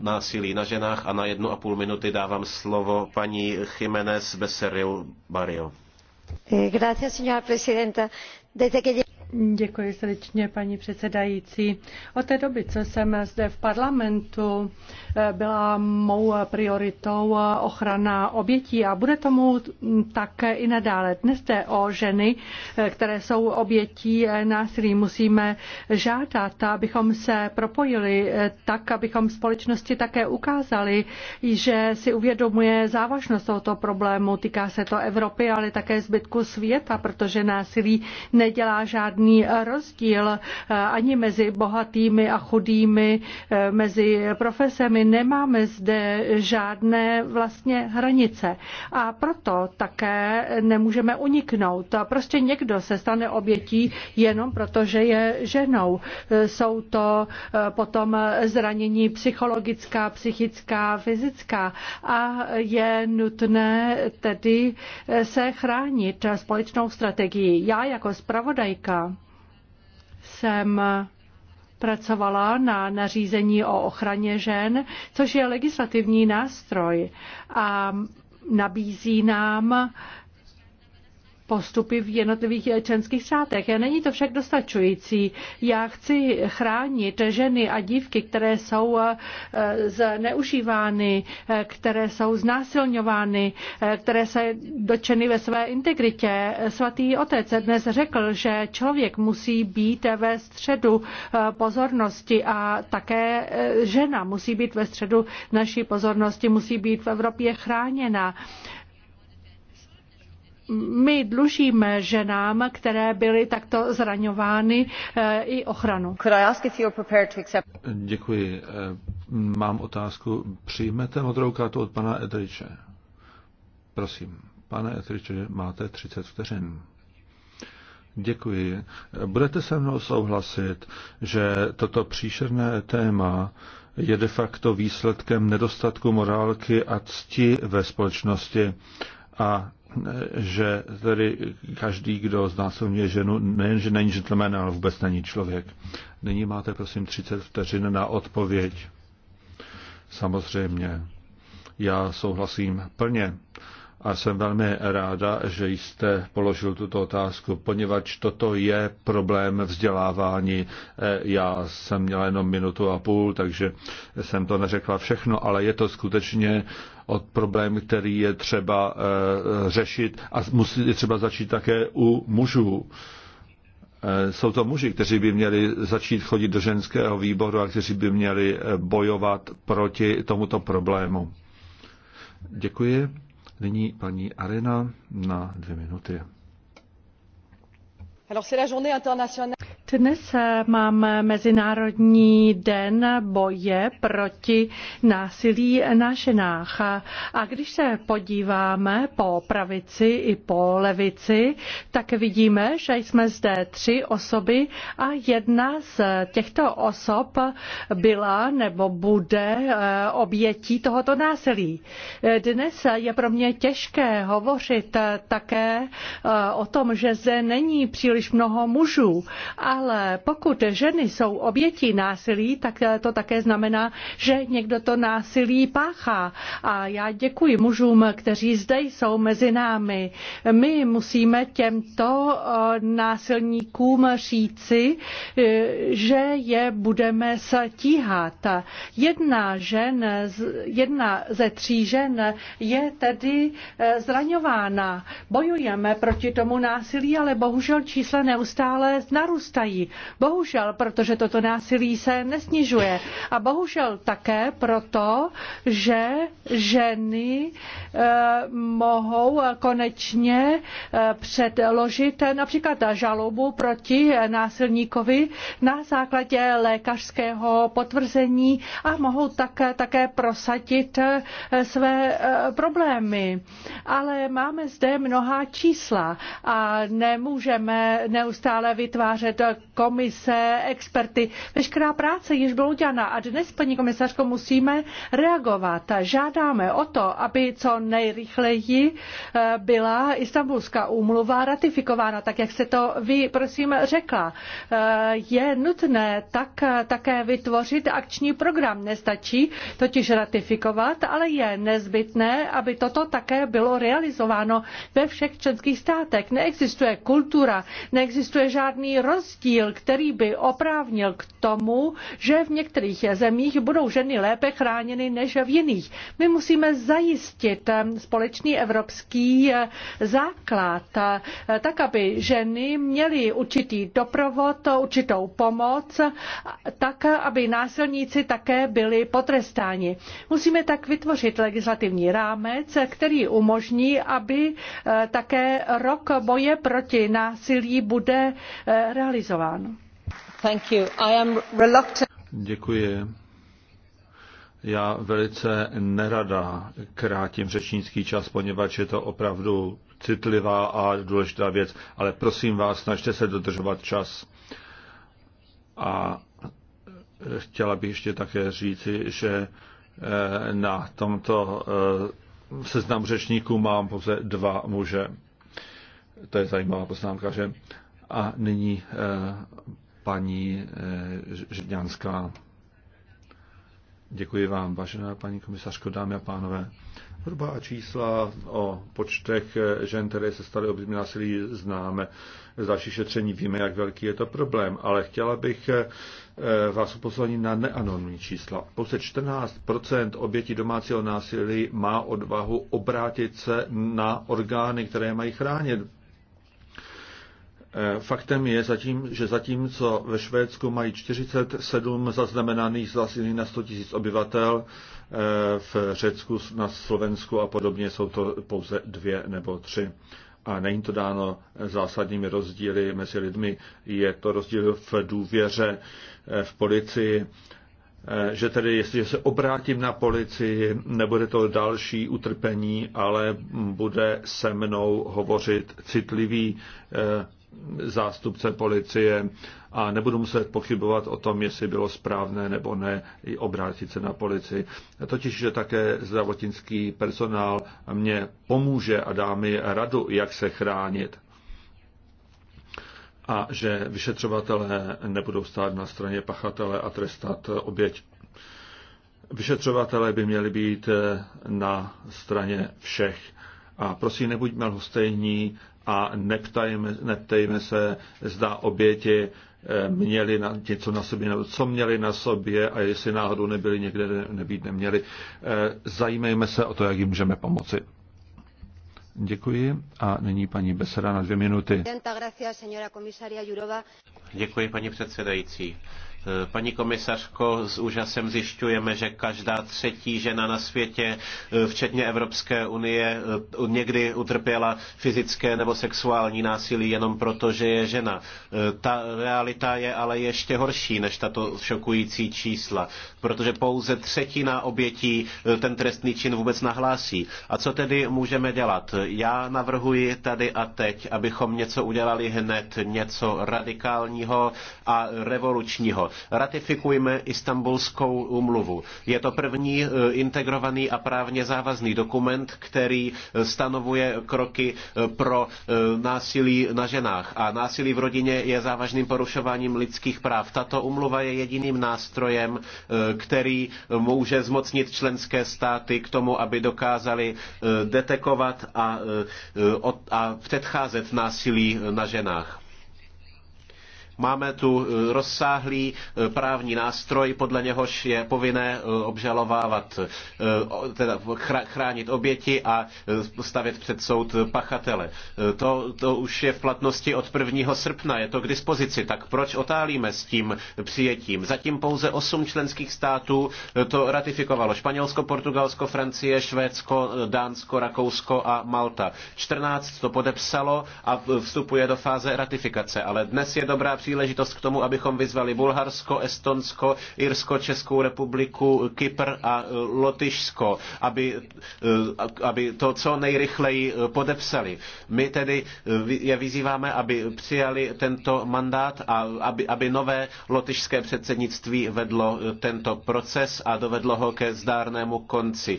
násilí na ženách a na jednu a půl minuty dávám slovo paní Jiménez Becerril Barrio. Eh, gracias, señora presidenta. Desde que Děkuji srdečně, paní předsedající. Od té doby, co jsem zde v parlamentu, eh, byla mou prioritou ochrana obětí a bude tomu tak i nadále. Dnes jde o ženy, eh, které jsou obětí násilí. Musíme žádat, abychom se propojili eh, tak, abychom společnosti také ukázali, že si uvědomuje závažnost tohoto problému. Týká se to Evropy, ale také zbytku světa, protože násilí nedělá žádný žádný rozdíl eh, ani mezi bohatými a chudými, eh, mezi profesemi. Nemáme zde žádné vlastně hranice. A proto také nemůžeme uniknout. Prostě někdo se stane obětí jenom proto, že je ženou. Eh, jsou to potom zranění psychologická, psychická, fyzická a je nutné tedy se chránit společnou strategií. Já jako zpravodajka jsem pracovala na nařízení o ochraně žen, což je legislativní nástroj a nabízí nám postupy v jednotlivých eh, členských státech. Není to však dostačující. Já chci chránit ženy a dívky, které jsou eh, zneužívány, eh, které jsou znásilňovány, které se dočeny ve své integritě. Svatý otec dnes řekl, že člověk musí být ve středu pozornosti a také žena musí být ve středu naší pozornosti, musí být v Evropě chráněna my dlužíme ženám, které byly takto zraňovány, eh, i ochranu. Děkuji. Eh, mám otázku. Přijmete modrou kartu od pana Edriče? Prosím. Pane Edriče, máte 30 vteřin. Děkuji. Budete se mnou souhlasit, že toto příšerné téma je de facto výsledkem nedostatku morálky a cti ve společnosti a e, že tedy každý, kdo znásilňuje ženu, nejenže není gentleman, ale vůbec není člověk. Nyní máte, prosím, 30 vteřin na odpověď. Samozřejmě. Já souhlasím plně a jsem velmi ráda, že jste položil tuto otázku, poněvadž toto je problém vzdělávání. E, já jsem měla jenom minutu a půl, takže jsem to neřekla všechno, ale je to skutečně od problém, který je třeba e, řešit a musí je třeba začít také u mužů. E, jsou to muži, kteří by měli začít chodit do ženského výboru a kteří by měli bojovat proti tomuto problému. Děkuji. Nyní paní Arena na dvě minuty. Alors c'est la journée internationale. Dnes eh, máme Mezinárodní den boje proti násilí na ženách. A když se podíváme po pravici i po levici, tak vidíme, že jsme zde tři osoby a jedna z těchto osob byla nebo bude eh, obětí tohoto násilí. Dnes je pro mě těžké hovořit také eh, o tom, že zde není příliš mnoho mužů a ale pokud ženy jsou obětí násilí, tak to také znamená, že někdo to násilí páchá. A já děkuji mužům, kteří zde jsou mezi námi. My musíme těmto eh, násilníkům říci, eh, že je budeme stíhat. Jedna, žen, jedna ze tří žen je tedy eh, zraňována. Bojujeme proti tomu násilí, ale bohužel čísla neustále narůstají mají. Bohužel, protože toto násilí se nesnižuje. A bohužel také proto, že ženy eh, mohou konečně eh, předložit eh, například žalobu proti násilníkovi na základě lékařského potvrzení a mohou také, také prosadit své problémy. Ale máme zde mnohá čísla a nemůžeme neustále vytvářet komise, experty, veškerá práce již byla udělána a dnes, paní komisařko, musíme reagovat. Žádáme o to, aby co nejrychleji eh, byla Istanbulská úmluva ratifikována, tak jak se to vy, prosím, řekla. Eh, je nutné tak také vytvořit akční program. Nestačí totiž ratifikovat, ale je nezbytné, aby toto také bylo realizováno ve všech členských státech. Neexistuje kultura, neexistuje žádný rozdíl rozdíl, který by oprávnil k tomu, že v některých zemích budou ženy lépe chráněny než v jiných. My musíme zajistit eh, společný evropský eh, základ, eh, tak aby ženy měly určitý doprovod, určitou pomoc, tak aby násilníci také byli potrestáni. Musíme tak vytvořit legislativní rámec, který umožní, aby také rok boje proti násilí bude realizován realizováno. Děkuji. Já velice nerada krátím řečnický čas, poněvadž je to opravdu citlivá a důležitá věc, ale prosím vás, snažte se dodržovat čas. A chtěla bych ještě také říci, že eh, na tomto eh, seznamu řečníků mám pouze dva muže. To je zajímavá poznámka, že? A nyní eh, paní eh, Židňanská. Děkuji vám, vážená paní komisařko, dámy a pánové. Hrubá čísla o počtech eh, žen, které se staly obětmi násilí, známe. Z další šetření víme, jak velký je to problém, ale chtěla bych vás upozornit na neanonymní čísla. Pouze 14 obětí domácího násilí má odvahu obrátit se na orgány, které mají chránit Eh, faktem je, zatím, že zatímco ve Švédsku mají 47 zaznamenaných zásilí na 100 000 obyvatel, eh, v Řecku, na Slovensku a podobně jsou to pouze dvě nebo tři. A není to dáno zásadními rozdíly mezi lidmi. Je to rozdíl v důvěře eh, v policii, že tedy jestliže se obrátím na policii, nebude to další utrpení, ale bude se mnou hovořit citlivý zástupce policie a nebudu muset pochybovat o tom, jestli bylo správné nebo ne i obrátit se na policii. Totiž, že také zdravotnický personál mě pomůže a dá mi radu, jak se chránit. A že vyšetřovatelé nebudou stát na straně pachatele a trestat oběť. Vyšetřovatelé by měli být na straně všech. A prosím, nebuďme lhostejní a neptajme, neptejme se, zda oběti eh, měli na, něco na sobě, nebo co měli na sobě a jestli náhodou nebyli někde, nebýt neměli. Eh, zajímejme se o to, jak jim můžeme pomoci. Děkuji a nyní paní Besera na dvě minuty. Děkuji paní předsedající. Paní komisařko, s úžasem zjišťujeme, že každá třetí žena na světě, eh, včetně Evropské unie, eh, někdy utrpěla fyzické nebo sexuální násilí jenom proto, že je žena. Eh, ta realita je ale ještě horší než tato šokující čísla, protože pouze třetina obětí ten trestný čin vůbec nahlásí. A co tedy můžeme dělat? Já navrhuji tady a teď, abychom něco udělali hned, něco radikálního a revolučního Ratifikujme Istanbulskou umluvu. Je to první eh, integrovaný a právně závazný dokument, který eh, stanovuje kroky eh, pro násilí na ženách. A násilí v rodině je závažným porušováním lidských práv. Tato umluva je jediným nástrojem, který může zmocnit členské státy k tomu, aby dokázali detekovat a, a předcházet násilí na ženách. Máme tu eh, rozsáhlý eh, právní nástroj, podle něhož je povinné eh, obžalovávat, teda chránit oběti a stavět před soud pachatele. To, to už je v platnosti od 1. srpna, je to k dispozici, tak proč otálíme s tím přijetím? Zatím pouze osm členských států to ratifikovalo. Španělsko, Portugalsko, Francie, Švédsko, Dánsko, Rakousko a Malta. 14 to podepsalo a vstupuje do fáze ratifikace, ale dnes je dobrá příležitost příležitost k tomu, abychom vyzvali Bulharsko, Estonsko, Irsko, Českou republiku, Kypr a e, Lotyšsko, aby, e, aby to co nejrychleji e, podepsali. My tedy je vyzýváme, aby přijali tento mandát a aby, aby nové lotyšské předsednictví vedlo tento proces a dovedlo ho ke zdárnému konci.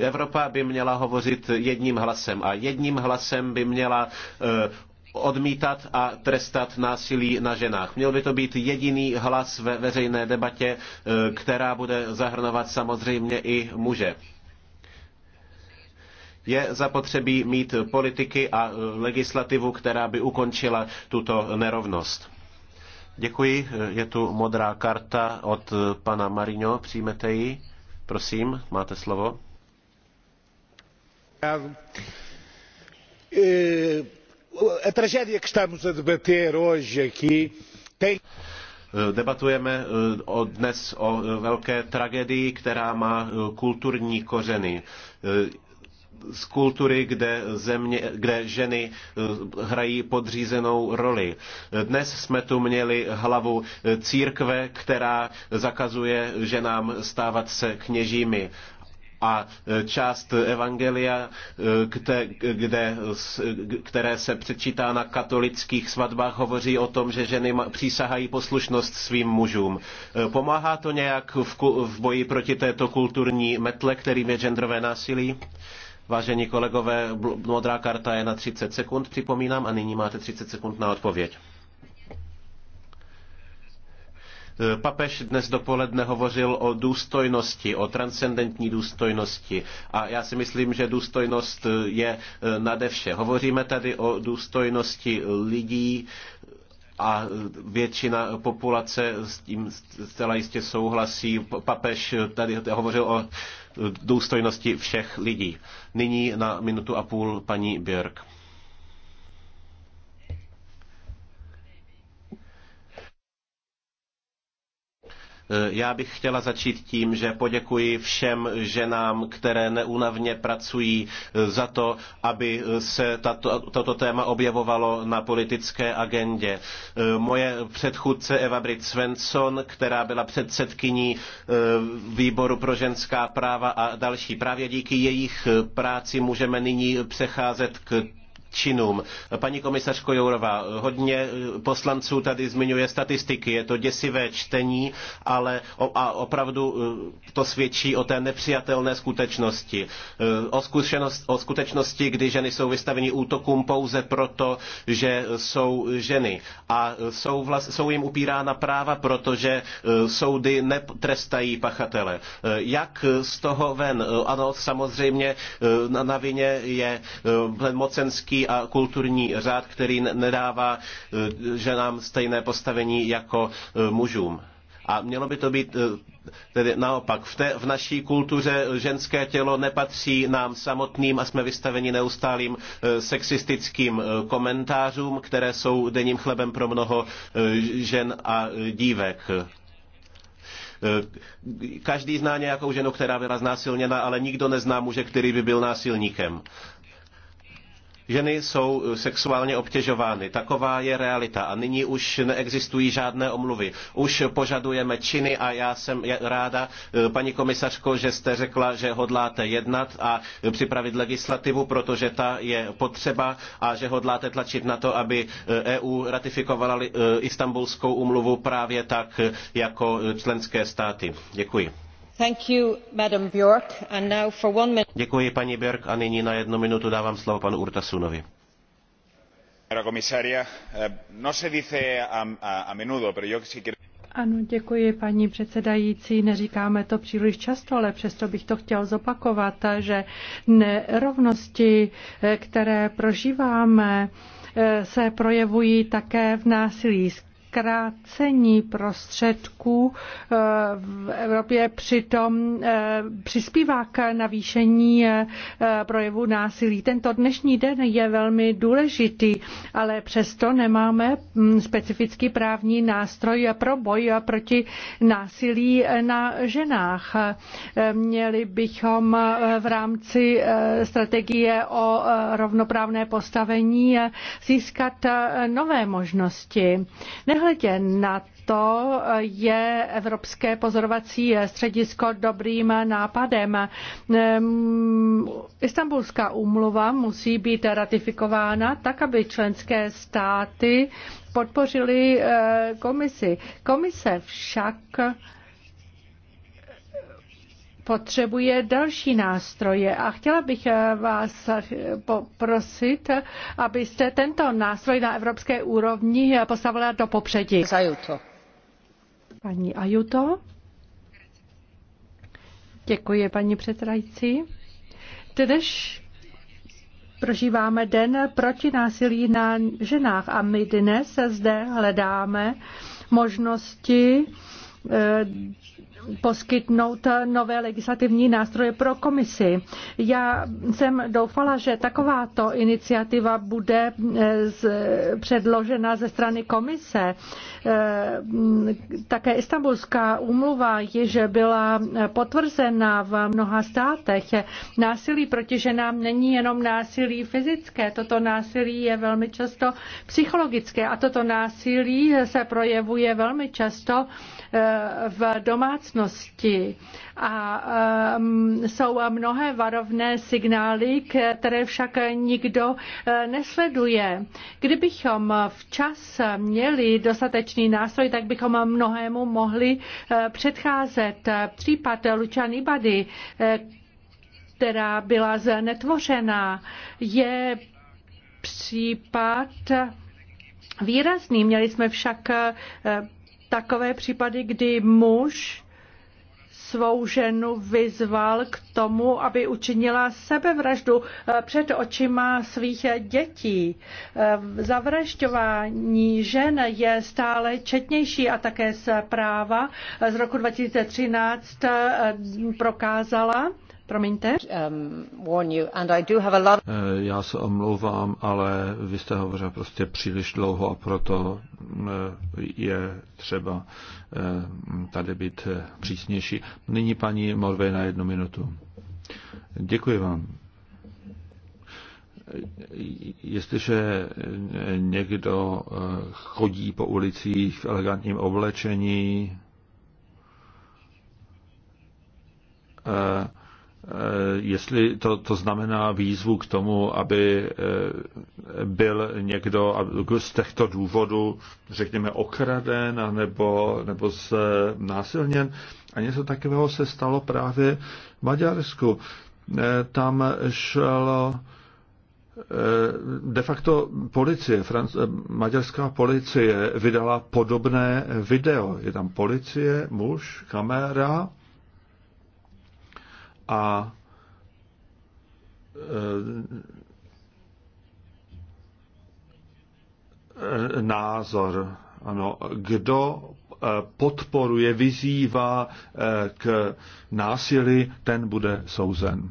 Evropa by měla hovořit jedním hlasem a jedním hlasem by měla odmítat a trestat násilí na ženách. Měl by to být jediný hlas ve veřejné debatě, eh, která bude zahrnovat samozřejmě i muže je zapotřebí mít politiky a eh, legislativu, která by ukončila tuto nerovnost. Děkuji. Je tu modrá karta od eh, pana Marino. Přijmete ji. Prosím, máte slovo a tragédia que estamos a debater hoje aqui tem Debatujeme eh, o dnes o eh, velké tragédii, která má eh, kulturní kořeny z kultury, kde, země, kde ženy hrají podřízenou roli. Dnes jsme tu měli hlavu církve, která zakazuje ženám stávat se kněžími a e, část Evangelia, e, kde, kde, které se přečítá na katolických svatbách, hovoří o tom, že ženy přísahají poslušnost svým mužům. E, pomáhá to nějak v, v boji proti této kulturní metle, kterým je genderové násilí? Vážení kolegové, modrá karta je na 30 sekund, připomínám, a nyní máte 30 sekund na odpověď. Eh, papež dnes dopoledne hovořil o důstojnosti, o transcendentní důstojnosti. A já si myslím, že důstojnost eh, je eh, nade vše. Hovoříme tady o důstojnosti lidí, a většina populace s tím zcela jistě souhlasí. Papež tady hovořil o důstojnosti všech lidí. Nyní na minutu a půl paní Björk. Eh, já bych chtěla začít tím, že poděkuji všem ženám, které neúnavně pracují eh, za to, aby eh, se tato, toto téma objevovalo na politické agendě. Moje předchůdce Eva Britt Svensson, která byla předsedkyní výboru pro ženská práva a další. Právě díky jejich práci můžeme nyní přecházet k činům. Paní komisařko Jourová, hodně eh, poslanců tady zmiňuje statistiky, je to děsivé čtení, ale a opravdu eh, to svědčí o té nepřijatelné skutečnosti. Eh, o, zkušenost, o skutečnosti, kdy ženy jsou vystaveny útokům pouze proto, že jsou ženy. A jsou, jsou jim upírána práva, protože soudy netrestají pachatele. Jak z toho ven? Ano, samozřejmě na, na vině je ten mocenský a kulturní řád, který nedává e, ženám stejné postavení jako e, mužům. A mělo by to být e, tedy naopak. V, té, v naší kultuře ženské tělo nepatří nám samotným a jsme vystaveni neustálým sexistickým komentářům, které jsou denním chlebem pro mnoho žen a dívek. Každý zná nějakou ženu, která byla znásilněna, ale nikdo nezná muže, který by byl násilníkem. Ženy jsou eh, sexuálně obtěžovány. Taková je realita. A nyní už neexistují žádné omluvy. Už požadujeme činy a já jsem ráda, eh, paní komisařko, že jste řekla, že hodláte jednat a eh, připravit legislativu, protože ta je potřeba a že hodláte tlačit na to, aby EU e ratifikovala Istanbulskou umluvu právě tak jako členské státy. Děkuji. Děkuji paní Bjork, a nyní na jednu minutu dávám slovo panu Urtasunovi. Ano, děkuji paní předsedající. Neříkáme to příliš často, ale přesto bych to chtěl zopakovat, že nerovnosti, eh, které prožíváme, eh, se projevují také v násilí krácení prostředků eh, v Evropě přitom eh, přispívá k navýšení eh, projevu násilí. Tento dnešní den je velmi důležitý, ale přesto nemáme mm, specifický právní nástroj pro boj proti násilí na ženách. Měli bychom v rámci strategie o rovnoprávné postavení získat nové možnosti. Nehledě Nehledě na to je Evropské pozorovací středisko dobrým nápadem. Ehm, Istanbulská úmluva musí být ratifikována tak, aby členské státy podpořili eh, komisi. Komise však potřebuje další nástroje. A chtěla bych eh, vás eh, poprosit, abyste tento nástroj na evropské úrovni eh, postavila do popředí. Zajuto. Paní Ajuto. Děkuji, paní předsedající. Tedyž prožíváme den proti násilí na ženách a my dnes zde hledáme možnosti poskytnout nové legislativní nástroje pro komisi. Já jsem doufala, že takováto iniciativa bude eh, předložena ze strany komise. Eh, také Istanbulská úmluva již byla potvrzena v mnoha státech. Násilí proti ženám není jenom násilí fyzické, toto násilí je velmi často psychologické a toto násilí se projevuje velmi často eh, v domácnosti budoucnosti. A jsou mnohé varovné signály, které však nikdo e, nesleduje. Kdybychom včas měli dostatečný nástroj, tak bychom mnohému mohli e, předcházet. Případ Lučan Ibady, e, která byla znetvořena, je případ výrazný. Měli jsme však takové případy, kdy muž svou ženu vyzval k tomu, aby učinila sebevraždu eh, před očima svých dětí. Eh, zavražďování žen je stále četnější a také práva z roku 2013 eh, prokázala, Promiňte. Um, eh, já se omlouvám, ale vy jste hovořil prostě příliš dlouho a proto eh, je třeba eh, tady být přísnější. Nyní paní Morvej na jednu minutu. Děkuji vám. Jestliže někdo chodí po ulicích v elegantním oblečení, Eh, jestli to, to znamená výzvu k tomu, aby eh, byl někdo z těchto důvodů, řekněme, okraden nebo, nebo se násilněn. A něco takového se stalo právě v Maďarsku. Eh, tam šlo de facto policie, maďarská policie vydala podobné video. Je tam policie, muž, kamera, a e, názor. Ano, kdo e, podporuje, vyzývá e, k násilí, ten bude souzen.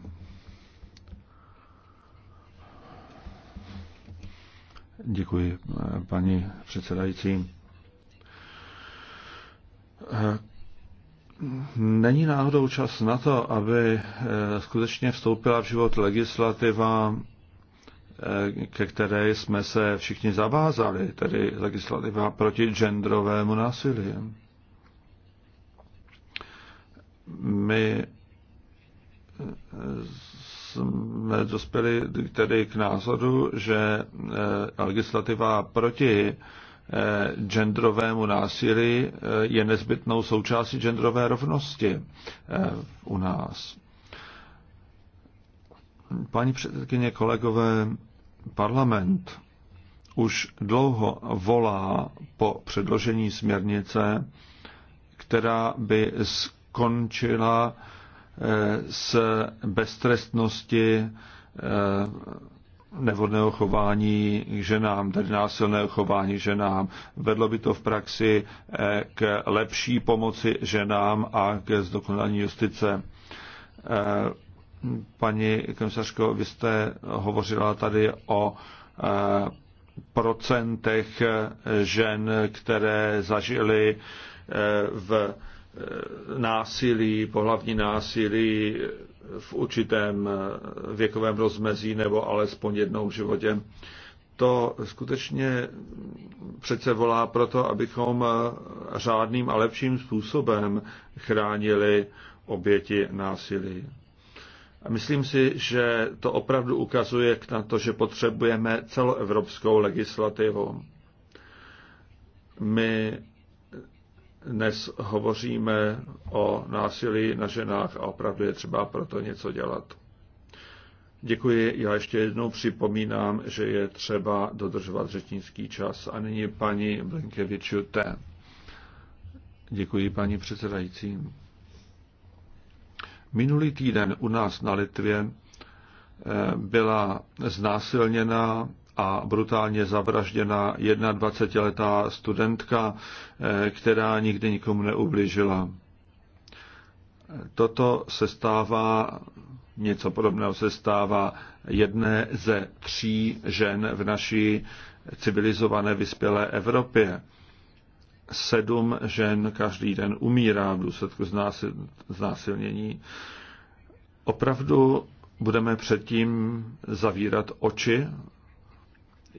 Děkuji, paní předsedající Není náhodou čas na to, aby eh, skutečně vstoupila v život legislativa, eh, ke které jsme se všichni zavázali, tedy legislativa proti genderovému násilí. My eh, jsme dospěli tedy k názoru, že legislativa proti Eh, genderovému násilí eh, je nezbytnou součástí genderové rovnosti eh, u nás. Paní předsedkyně, kolegové, parlament už dlouho volá po předložení směrnice, která by skončila s beztrestnosti nevhodného chování k ženám, tedy násilného chování ženám. Vedlo by to v praxi eh, k lepší pomoci ženám a k zdokonalení justice. Eh, paní komisařko, vy jste hovořila tady o eh, procentech žen, které zažily v násilí, pohlavní násilí v určitém eh, věkovém rozmezí nebo alespoň jednou v životě. To skutečně přece volá proto, abychom eh, řádným a lepším způsobem chránili oběti násilí. A myslím si, že to opravdu ukazuje na to, že potřebujeme celoevropskou legislativu. My dnes hovoříme o násilí na ženách a opravdu je třeba proto něco dělat. Děkuji. Já ještě jednou připomínám, že je třeba dodržovat řečnický čas. A nyní paní t. Děkuji, paní předsedající. Minulý týden u nás na Litvě eh, byla znásilněna a brutálně zavražděna 21-letá studentka, eh, která nikdy nikomu neublížila. Toto se stává, něco podobného se stává jedné ze tří žen v naší civilizované vyspělé Evropě. Sedm žen každý den umírá v důsledku znásilnění. Opravdu budeme předtím zavírat oči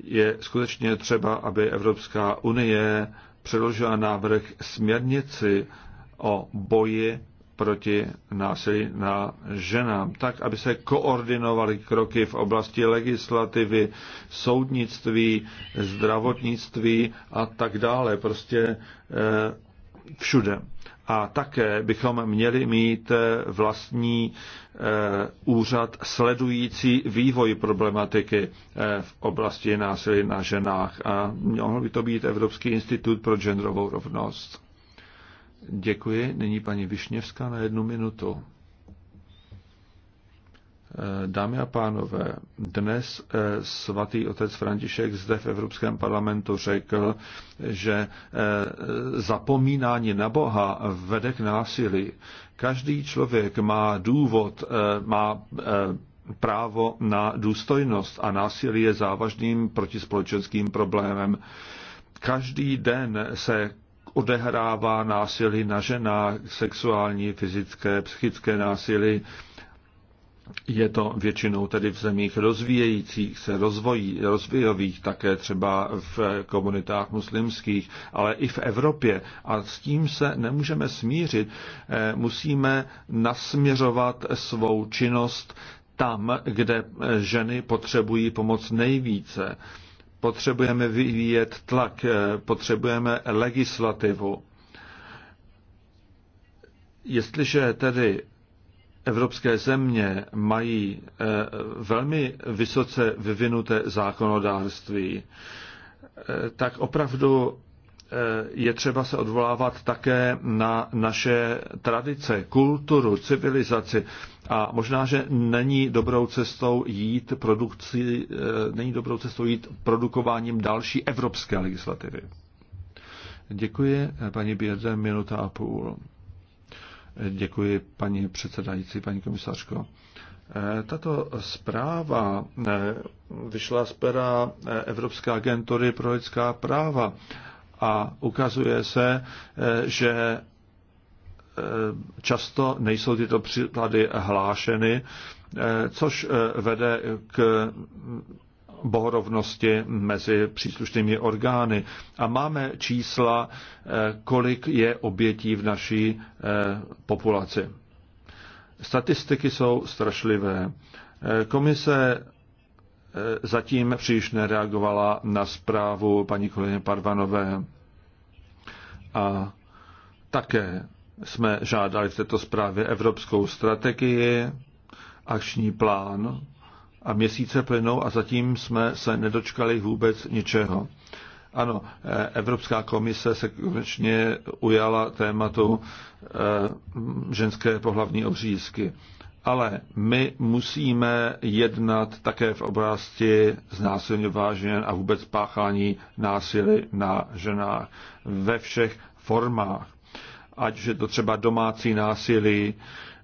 je skutečně třeba, aby Evropská unie předložila návrh směrnici o boji proti násilí na ženám, tak, aby se koordinovaly kroky v oblasti legislativy, soudnictví, zdravotnictví a tak dále, prostě eh, všude. A také bychom měli mít eh, vlastní eh, úřad sledující vývoj problematiky eh, v oblasti násilí na ženách. A mohl by to být Evropský institut pro genderovou rovnost. Děkuji. Nyní paní Višněvská na jednu minutu. Eh, dámy a pánové, dnes eh, svatý otec František zde v Evropském parlamentu řekl, že eh, zapomínání na Boha vede k násilí. Každý člověk má důvod, má právo na důstojnost a násilí je závažným protispolečenským problémem. Každý den se odehrává násilí na ženách, sexuální, fyzické, psychické násilí, je to většinou tedy v zemích rozvíjejících se, rozvojí, rozvojových, také třeba v komunitách muslimských, ale i v Evropě. A s tím se nemůžeme smířit. Eh, musíme nasměřovat svou činnost tam, kde eh, ženy potřebují pomoc nejvíce. Potřebujeme vyvíjet tlak, eh, potřebujeme legislativu. Jestliže tedy evropské země mají eh, velmi vysoce vyvinuté zákonodárství, eh, tak opravdu eh, je třeba se odvolávat také na naše tradice, kulturu, civilizaci a možná, že není dobrou cestou jít produkci, není dobrou cestou jít produkováním další evropské legislativy. Děkuji, paní Běrde, minuta a půl. Děkuji, paní předsedající, paní komisařko. Tato zpráva eh, vyšla z pera eh, Evropské agentury pro lidská práva a ukazuje se, eh, že často nejsou tyto příklady hlášeny, což vede k bohorovnosti mezi příslušnými orgány. A máme čísla, eh, kolik je obětí v naší eh, populaci. Statistiky jsou strašlivé. Eh, komise zatím příliš nereagovala na zprávu paní kolegyně Parvanové. A také jsme žádali v této zprávě evropskou strategii, akční plán a měsíce plynou a zatím jsme se nedočkali vůbec ničeho. Ano, eh, Evropská komise se konečně ujala tématu eh, ženské pohlavní obřízky. Ale my musíme jednat také v oblasti znásilňování žen a vůbec páchání násilí na ženách ve všech formách. Ať je to třeba domácí násilí,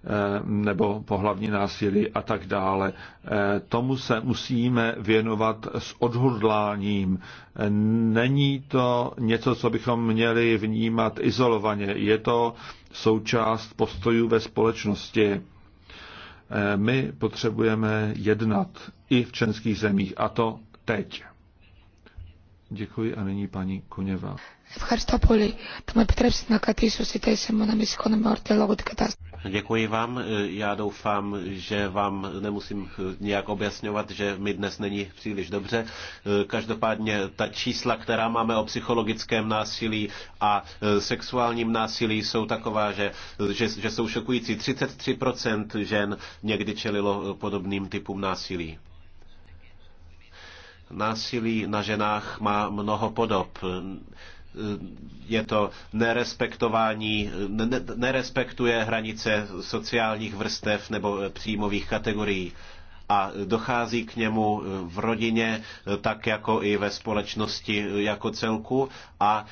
Eh, nebo pohlavní násilí a tak dále. Eh, tomu se musíme věnovat s odhodláním. Eh, není to něco, co bychom měli vnímat izolovaně. Je to součást postojů ve společnosti. My potřebujeme jednat i v členských zemích, a to teď. Děkuji a nyní paní Kuněva. Ευχαριστώ πολύ. Θα με επιτρέψετε να κρατήσω στη θέση μου να μην σηκώνομαι όρθια λόγω Děkuji vám. Já doufám, že vám nemusím nějak objasňovat, že mi dnes není příliš dobře. Každopádně ta čísla, která máme o psychologickém násilí a sexuálním násilí, jsou taková, že, že, že jsou šokující. 33% žen někdy čelilo podobným typům násilí. Násilí na ženách má mnoho podob je to nerespektování, nerespektuje hranice sociálních vrstev nebo příjmových kategorií a dochází k němu v rodině, tak jako i ve společnosti jako celku a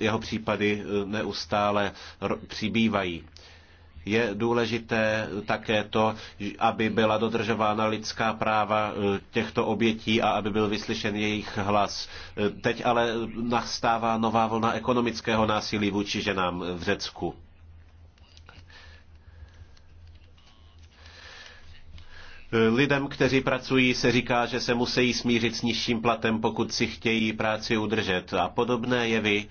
jeho případy neustále přibývají. Je důležité také to, aby byla dodržována lidská práva eh, těchto obětí a aby byl vyslyšen jejich hlas. Eh, teď ale nastává nová vlna ekonomického násilí vůči ženám v Řecku. Lidem, kteří pracují, se říká, že se musí smířit s nižším platem, pokud si chtějí práci udržet. A podobné jevy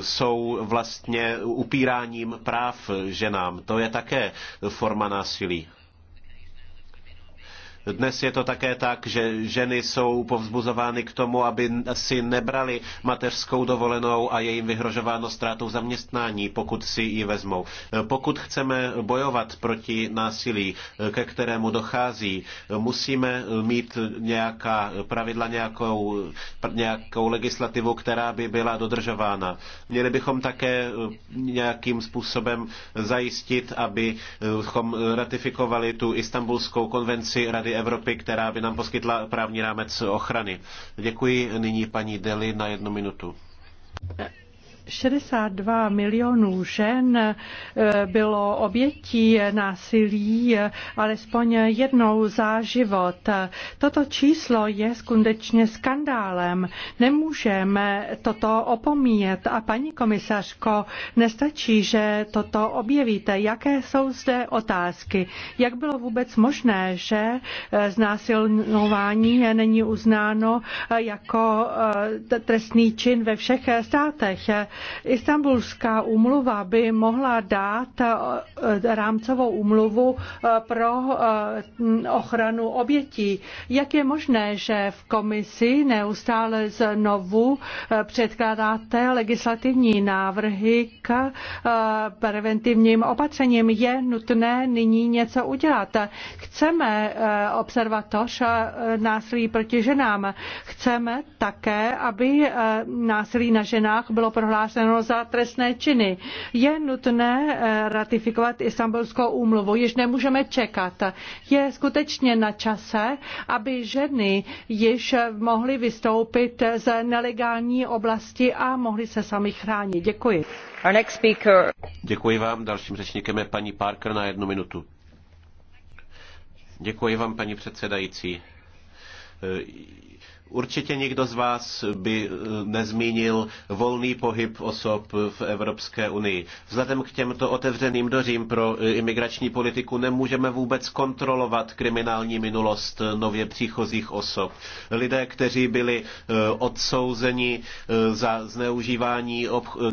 jsou vlastně upíráním práv ženám. To je také forma násilí. Dnes je to také tak, že ženy jsou povzbuzovány k tomu, aby si nebrali mateřskou dovolenou a je jim vyhrožováno ztrátou zaměstnání, pokud si ji vezmou. Pokud chceme bojovat proti násilí, ke kterému dochází, musíme mít nějaká pravidla, nějakou, nějakou legislativu, která by byla dodržována. Měli bychom také nějakým způsobem zajistit, abychom ratifikovali tu istambulskou konvenci Rady Evropy, která by nám poskytla právní rámec ochrany. Děkuji nyní paní Deli na jednu minutu. 62 milionů žen eh, bylo obětí násilí eh, alespoň jednou za život. Toto číslo je skutečně skandálem. Nemůžeme toto opomíjet. A paní komisařko, nestačí, že toto objevíte. Jaké jsou zde otázky? Jak bylo vůbec možné, že eh, znásilňování není uznáno jako trestný čin ve všech státech? státech. Istanbulská úmluva by mohla dát eh, rámcovou úmluvu eh, pro eh, ochranu obětí. Jak je možné, že v komisi neustále znovu předkládáte legislativní návrhy k preventivním opatřením? Je nutné nyní něco udělat. Chceme observatoř násilí proti ženám. Chceme také, aby násilí na ženách bylo prohlášeno prohlášeno za trestné činy. Je nutné eh, ratifikovat Istanbulskou úmluvu, již nemůžeme čekat. Je skutečně na čase, aby ženy již mohly vystoupit z nelegální oblasti a mohly se sami chránit. Děkuji. Our next speaker. Děkuji vám. Dalším řečníkem je paní Parker na jednu minutu. Děkuji vám, paní předsedající eh, Určitě nikdo z vás by eh, nezmínil volný pohyb osob v Evropské unii. Vzhledem k těmto otevřeným dořím pro eh, imigrační politiku nemůžeme vůbec kontrolovat kriminální minulost eh, nově příchozích osob. Lidé, kteří byli odsouzeni za zneužívání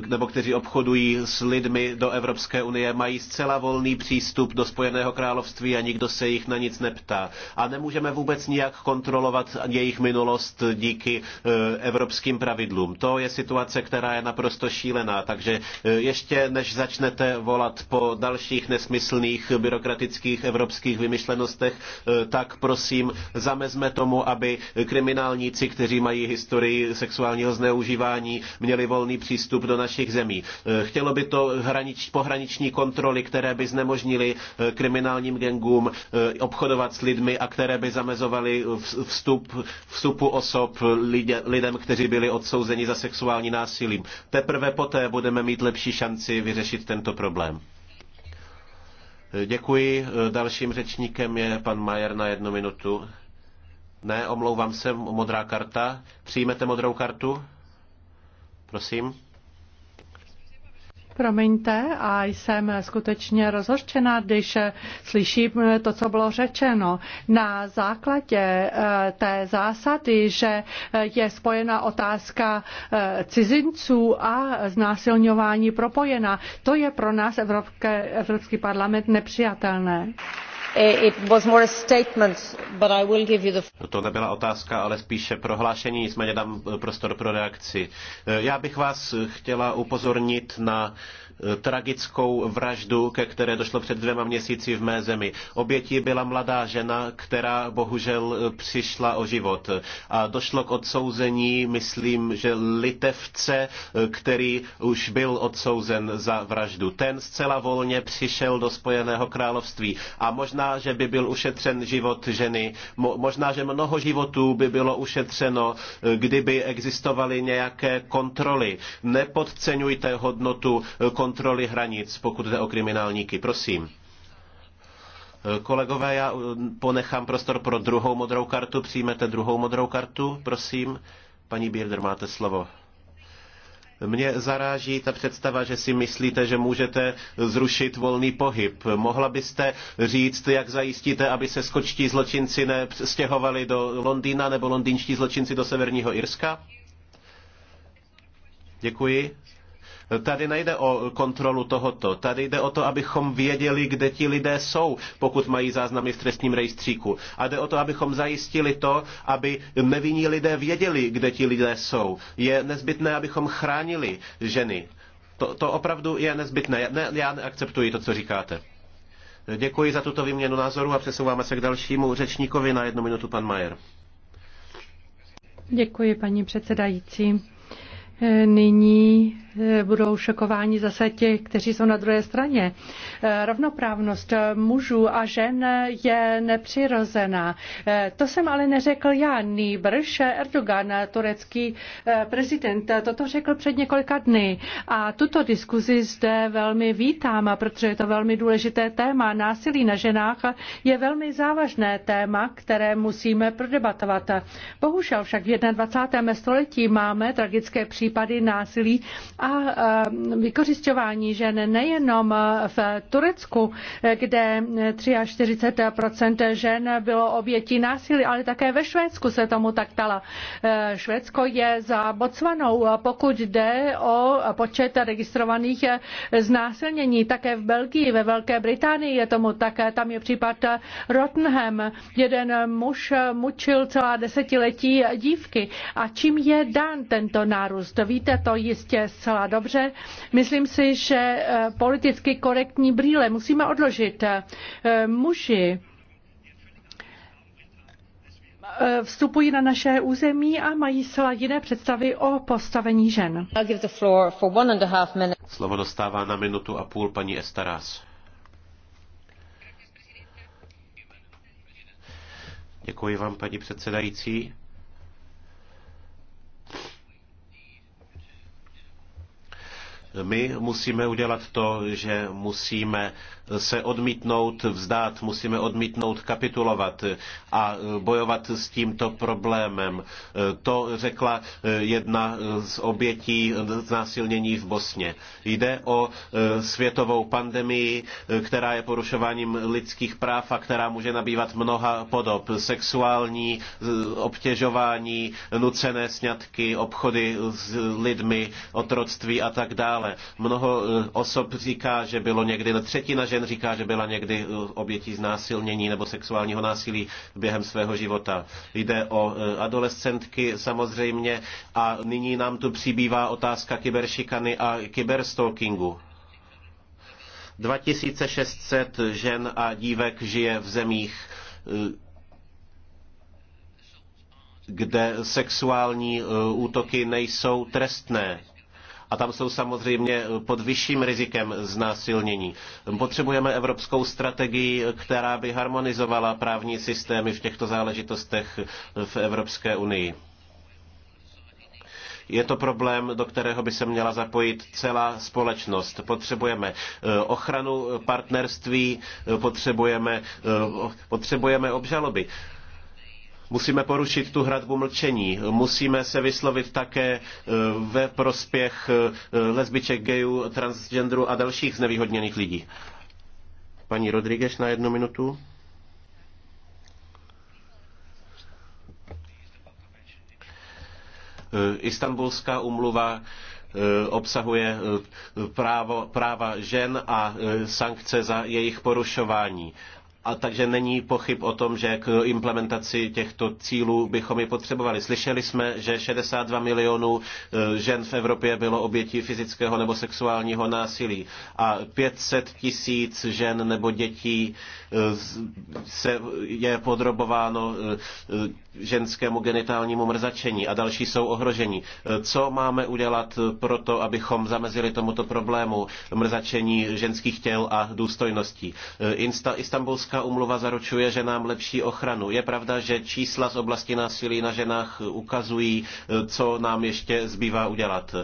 nebo kteří obchodují s lidmi do Evropské unie, mají zcela volný přístup do Spojeného království a nikdo se jich na nic neptá. A nemůžeme vůbec nijak kontrolovat jejich minulost bezpečnost díky eh, evropským pravidlům. To je situace, která je naprosto šílená. Takže eh, ještě než začnete volat po dalších nesmyslných byrokratických evropských vymyšlenostech, eh, tak prosím zamezme tomu, aby kriminálníci, kteří mají historii sexuálního zneužívání, měli volný přístup do našich zemí. Chtělo by to hranič, pohraniční kontroly, které by znemožnili kriminálním gengům obchodovat s lidmi a které by zamezovaly vstup, vstupu osob lidě, lidem, kteří byli odsouzeni za sexuální násilím. Teprve poté budeme mít lepší šanci vyřešit tento problém. Děkuji. Dalším řečníkem je pan Majer na jednu minutu. Ne, omlouvám se, modrá karta. Přijmete modrou kartu? Prosím. Promiňte, a jsem skutečně rozhořčená, když slyším to, co bylo řečeno. Na základě eh, té zásady, že je spojena otázka eh, cizinců a znásilňování propojena, to je pro nás Evropské, Evropský parlament nepřijatelné. To nebyla otázka, ale spíše prohlášení, nicméně dám eh, prostor pro reakci. Eh, já bych vás eh, chtěla upozornit na tragickou vraždu, ke které došlo před dvěma měsíci v mé zemi. Obětí byla mladá žena, která bohužel přišla o život. A došlo k odsouzení, myslím, že litevce, který už byl odsouzen za vraždu. Ten zcela volně přišel do Spojeného království. A možná, že by byl ušetřen život ženy, možná, že mnoho životů by bylo ušetřeno, kdyby existovaly nějaké kontroly. Nepodceňujte hodnotu kontroly kontroly hranic, pokud jde o kriminálníky. Prosím. Kolegové, já uh, ponechám prostor pro druhou modrou kartu. Přijmete druhou modrou kartu, prosím. Paní Bierder máte slovo. Mě zaráží ta představa, že si myslíte, že můžete zrušit volný pohyb. Mohla byste říct, jak zajistíte, aby se skočtí zločinci nestěhovali do Londýna nebo londýnští zločinci do severního Irska? Děkuji. Tady nejde o kontrolu tohoto, tady jde o to, abychom věděli, kde ti lidé jsou, pokud mají záznamy v trestním rejstříku. A jde o to, abychom zajistili to, aby nevinní lidé věděli, kde ti lidé jsou. Je nezbytné, abychom chránili ženy. To, to opravdu je nezbytné. Ne, já neakceptuji to, co říkáte. Děkuji za tuto výměnu názoru a přesouváme se k dalšímu řečníkovi na jednu minutu, pan Majer. Děkuji, paní předsedající. Eh, nyní eh, budou šokováni zase ti, kteří jsou na druhé straně. Eh, rovnoprávnost mužů a žen je nepřirozená. To jsem ale neřekl já, nýbrž Erdogan, turecký prezident. Toto řekl před několika dny a tuto diskuzi zde velmi vítám, protože je to velmi důležité téma. Násilí na ženách je velmi závažné téma, které musíme prodebatovat. Bohužel však v 21. století máme tragické příležitosti případy násilí a vykořišťování žen nejenom v Turecku, kde 43 žen bylo obětí násilí, ale také ve Švédsku se tomu tak dala. E, Švédsko je za Botswanou, pokud jde o počet registrovaných znásilnění. Také v Belgii, ve Velké Británii je tomu tak. Tam je případ Rottenham. Jeden muž mučil celá desetiletí dívky. A čím je dán tento nárůst? to Víte to jistě zcela dobře. Myslím si, že eh, politicky korektní brýle musíme odložit. Eh, muži eh, vstupují na naše území a mají zcela jiné představy o postavení žen. Slovo dostává na minutu a půl paní Estaras. Děkuji vám, paní předsedající. My musíme udělat to, že musíme se odmítnout vzdát, musíme odmítnout kapitulovat a bojovat s tímto problémem. To řekla jedna z obětí znásilnění v Bosně. Jde o světovou pandemii, která je porušováním lidských práv a která může nabývat mnoha podob. Sexuální obtěžování, nucené sňatky, obchody s lidmi, otroctví a tak dále. Mnoho osob říká, že bylo někdy třetina žen žen říká, že byla někdy uh, obětí znásilnění nebo sexuálního násilí během svého života. Jde o uh, adolescentky samozřejmě a nyní nám tu přibývá otázka kyberšikany a kyberstalkingu. 2600 žen a dívek žije v zemích, uh, kde sexuální útoky nejsou trestné a tam jsou samozřejmě eh, pod vyšším rizikem znásilnění. Potřebujeme evropskou strategii, která by harmonizovala právní systémy v těchto záležitostech eh, v Evropské unii. Je to problém, do kterého by se měla zapojit celá společnost. Potřebujeme eh, ochranu partnerství, potřebujeme, potřebujeme obžaloby. Musíme porušit tu hradbu mlčení. Musíme se vyslovit také e, ve prospěch e, lesbiček, gayů, transgenderů a dalších znevýhodněných lidí. Paní Rodríguez na jednu minutu. E, Istanbulská umluva obsahuje právo, práva žen a sankce za jejich porušování. A takže není pochyb o tom, že k implementaci těchto cílů bychom je potřebovali. Slyšeli jsme, že 62 milionů eh, žen v Evropě bylo obětí fyzického nebo sexuálního násilí a 500 tisíc žen nebo dětí eh, se je podrobováno eh, ženskému genitálnímu mrzačení a další jsou ohroženi. Co máme udělat pro to, abychom zamezili tomuto problému mrzačení ženských těl a důstojností? Insta, Istanbulská umluva zaručuje ženám lepší ochranu. Je pravda, že čísla z oblasti násilí na ženách ukazují, co nám ještě zbývá udělat.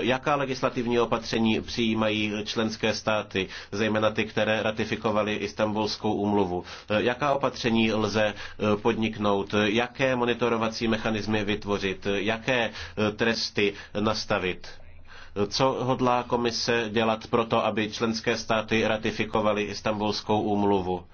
Jaká legislativní opatření přijímají členské státy, zejména ty, které ratifikovaly Istanbulskou umluvu? Jaká opatření lze podniknout? Jak jaké monitorovací mechanismy vytvořit, jaké e, tresty nastavit. Co hodlá komise dělat pro to, aby členské státy ratifikovaly Istanbulskou úmluvu?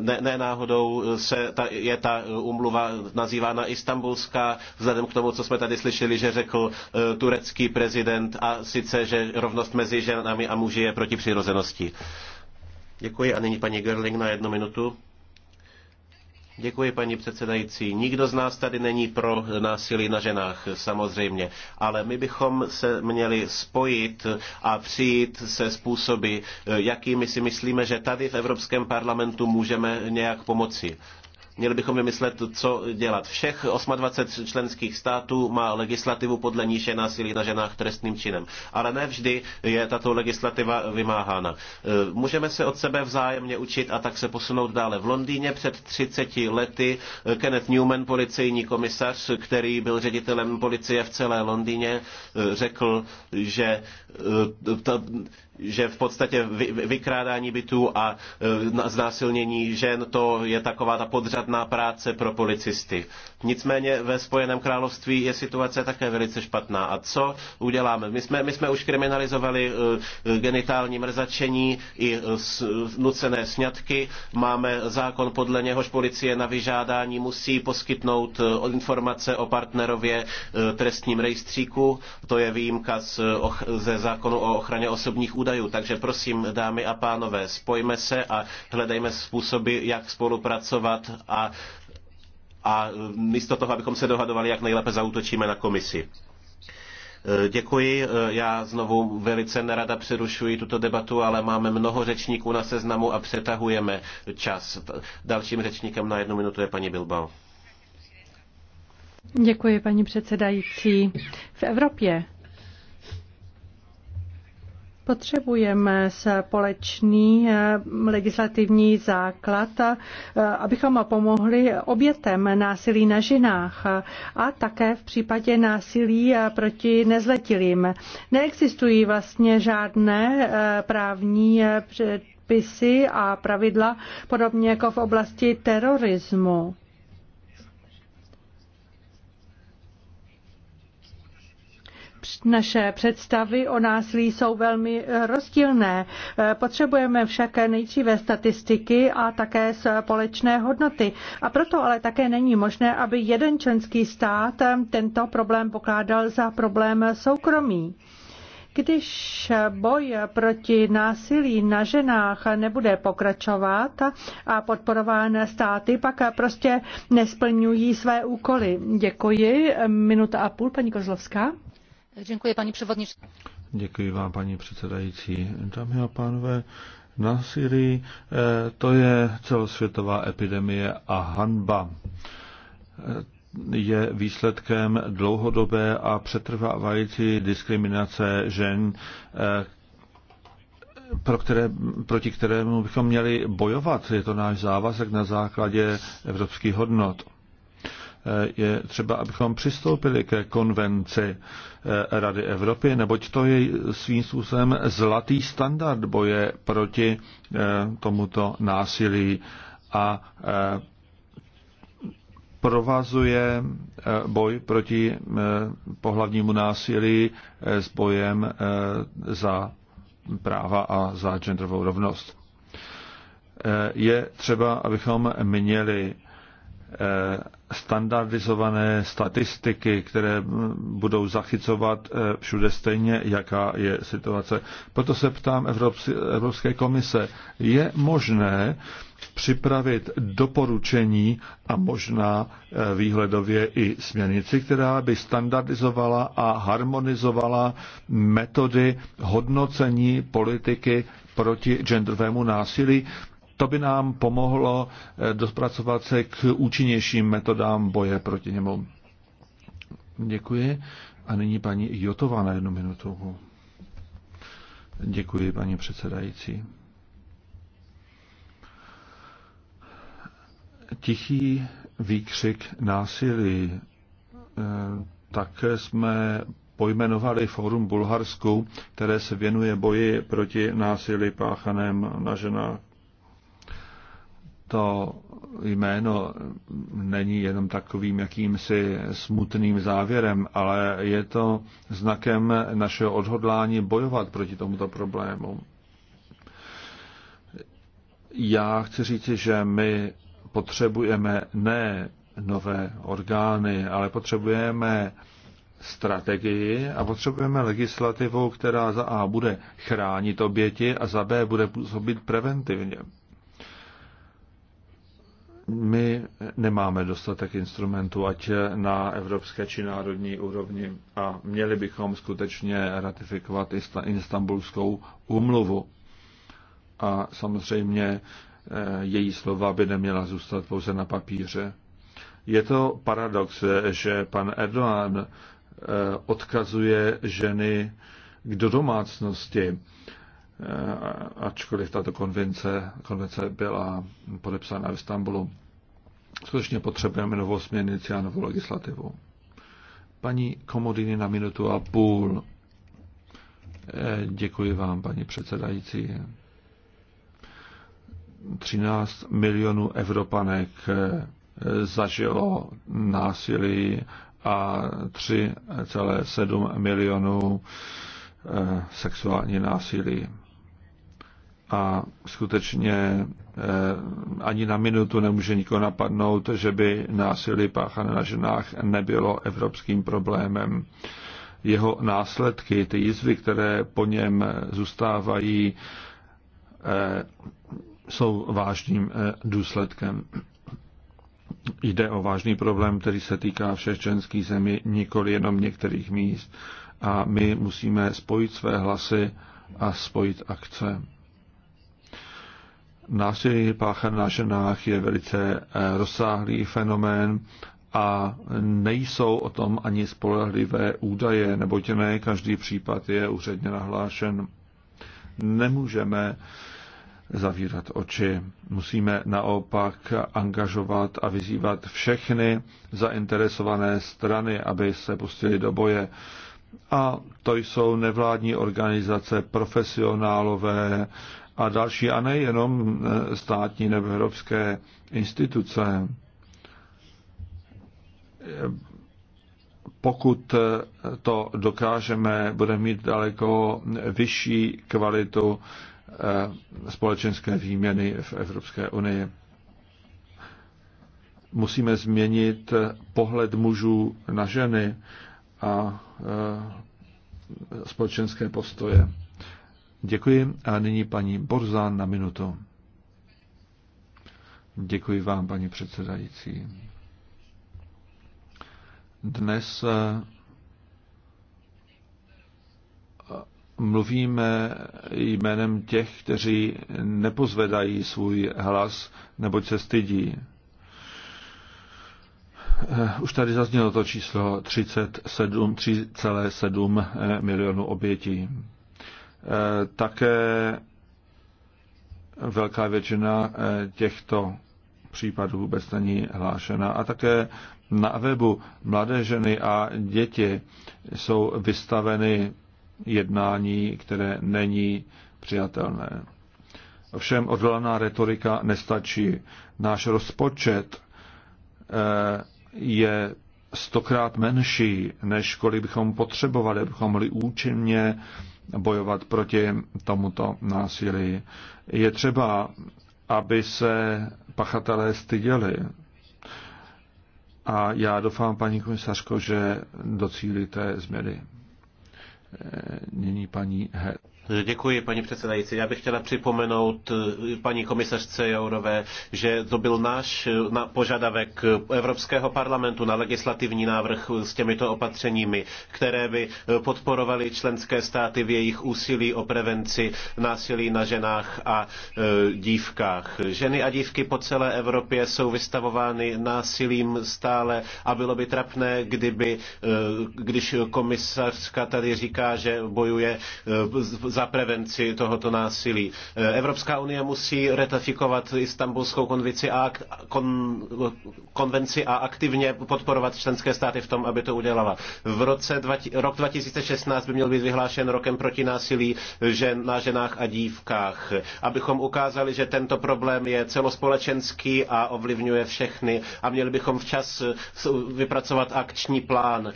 ne, ne náhodou se ta, je ta umluva nazývána Istanbulská, vzhledem k tomu, co jsme tady slyšeli, že řekl e, turecký prezident a sice, že rovnost mezi ženami a muži je proti přirozenosti. Děkuji a nyní paní Gerling na jednu minutu. Děkuji, paní předsedající. Nikdo z nás tady není pro násilí na ženách, samozřejmě, ale my bychom se měli spojit a přijít se způsoby, jakými si myslíme, že tady v Evropském parlamentu můžeme nějak pomoci. Měli bychom vymyslet, co dělat. Všech 28 členských států má legislativu, podle níž je násilí na ženách trestným činem. Ale ne vždy je tato legislativa vymáhána. E, můžeme se od sebe vzájemně učit a tak se posunout dále. V Londýně před 30 lety e, Kenneth Newman, policejní komisař, který byl ředitelem policie v celé Londýně, e, řekl, že ta, že v podstatě vykrádání bytů a e, znásilnění žen to je taková ta podřadná práce pro policisty. Nicméně ve Spojeném království je situace také velice špatná. A co uděláme? My jsme, my jsme už kriminalizovali e, e, genitální mrzačení i nucené sňatky. Máme zákon, podle něhož policie na vyžádání musí poskytnout informace o partnerově trestním rejstříku. To je výjimka z, ze zákonu o ochraně osobních údajů údajů. Takže prosím, dámy a pánové, spojme se a hledejme způsoby, jak spolupracovat a, a místo toho, abychom se dohadovali, jak nejlépe zautočíme na komisi. Eh, děkuji. Eh, já znovu velice nerada přerušuji tuto debatu, ale máme mnoho řečníků na seznamu a přetahujeme čas. Dalším řečníkem na jednu minutu je paní Bilbao. Děkuji, paní předsedající. V Evropě Potřebujeme společný eh, legislativní základ, eh, abychom pomohli obětem násilí na ženách a také v případě násilí eh, proti nezletilým. Neexistují vlastně žádné právní předpisy a pravidla, podobně jako v oblasti terorismu naše představy o násilí jsou velmi eh, rozdílné. Eh, potřebujeme však nejdříve statistiky a také společné hodnoty. A proto ale také není možné, aby jeden členský stát eh, tento problém pokládal za problém soukromý. Když boj proti násilí na ženách nebude pokračovat a podporované státy, pak prostě nesplňují své úkoly. Děkuji. Minuta a půl, paní Kozlovská. Děkuji, paní předsedající. Děkuji vám, paní předsedající. Dámy a pánové, na Syrii eh, to je celosvětová epidemie a hanba. Eh, je výsledkem dlouhodobé a přetrvávající diskriminace žen, eh, pro které, proti kterému bychom měli bojovat. Je to náš závazek na základě evropských hodnot. Eh, je třeba, abychom přistoupili ke konvenci eh, Rady Evropy, neboť to je svým způsobem zlatý standard boje proti eh, tomuto násilí a provazuje boj proti pohlavnímu násilí s bojem za práva a za genderovou rovnost. Je třeba, abychom měli Eh, standardizované statistiky, které budou zachycovat eh, všude stejně, jaká je situace. Proto se ptám Evropské komise, je možné připravit doporučení a možná eh, výhledově i směrnici, která by standardizovala a harmonizovala metody hodnocení politiky proti genderovému násilí, to by nám pomohlo eh, dospracovat se k účinnějším metodám boje proti němu. Děkuji. A nyní paní Jotová na jednu minutu. Děkuji, paní předsedající. Tichý výkřik násilí. Eh, také jsme pojmenovali Fórum Bulharsku, které se věnuje boji proti násilí páchaném na ženách to jméno není jenom takovým jakýmsi smutným závěrem, ale je to znakem našeho odhodlání bojovat proti tomuto problému. Já chci říct, že my potřebujeme ne nové orgány, ale potřebujeme strategii a potřebujeme legislativu, která za A bude chránit oběti a za B bude působit preventivně my nemáme dostatek instrumentů, ať na evropské či národní úrovni a měli bychom skutečně ratifikovat Istanbulskou úmluvu. A samozřejmě eh, její slova by neměla zůstat pouze na papíře. Je to paradox, že pan Erdogan eh, odkazuje ženy k do domácnosti Eh, ačkoliv tato konvence, konvence byla podepsána v Istanbulu. Skutečně potřebujeme novou směrnici a novou legislativu. Paní Komodiny na minutu a půl. Eh, děkuji vám, paní předsedající. 13 milionů Evropanek eh, zažilo násilí a 3,7 milionů sexuální násilí a skutečně eh, ani na minutu nemůže nikoho napadnout, že by násilí páchané na ženách nebylo evropským problémem. Jeho následky, ty jizvy, které po něm zůstávají, eh, jsou vážným eh, důsledkem. Jde o vážný problém, který se týká všech členských zemí, nikoli jenom některých míst. A my musíme spojit své hlasy a spojit akce. Násilí páchané na ženách je velice eh, rozsáhlý fenomén a nejsou o tom ani spolehlivé údaje, neboť ne každý případ je úředně nahlášen. Nemůžeme zavírat oči. Musíme naopak angažovat a vyzývat všechny zainteresované strany, aby se pustili do boje. A to jsou nevládní organizace, profesionálové, a další, a nejenom eh, státní nebo evropské instituce. Pokud eh, to dokážeme, bude mít daleko vyšší kvalitu eh, společenské výměny v Evropské unii. Musíme změnit pohled mužů na ženy a společenské postoje. Děkuji a nyní paní Borzán na minutu. Děkuji vám, paní předsedající. Dnes eh, mluvíme jménem těch, kteří nepozvedají svůj hlas, neboť se stydí. Eh, už tady zaznělo to číslo 37,7 eh, milionů obětí. Eh, také velká většina eh, těchto případů vůbec není hlášena. A také na webu mladé ženy a děti jsou vystaveny jednání, které není přijatelné. Ovšem odvolaná retorika nestačí. Náš rozpočet eh, je stokrát menší, než kolik bychom potřebovali, abychom mohli účinně bojovat proti tomuto násilí. Je třeba, aby se pachatelé styděli. A já doufám, paní komisařko, že docílíte změny. Nyní paní Hed. Děkuji, paní předsedající. Já bych chtěla připomenout eh, paní komisařce Jourové, že to byl náš eh, požadavek Evropského parlamentu na legislativní návrh s těmito opatřeními, které by eh, podporovaly členské státy v jejich úsilí o prevenci násilí na ženách a dívkách. Ženy a dívky po celé Evropě jsou vystavovány násilím stále a bylo by trapné, kdyby, když komisařka tady říká, že bojuje za prevenci tohoto násilí. Evropská unie musí ratifikovat Istanbulskou konvici a, kon, konvenci a aktivně podporovat členské státy v tom, aby to udělala. V roce rok 2016 by měl být vyhlášen rokem proti násilí žen na ženách a dívkách, abychom ukázali, že tento problém je celospolečenský a ovlivňuje všechny a měli bychom včas vypracovat akční plán.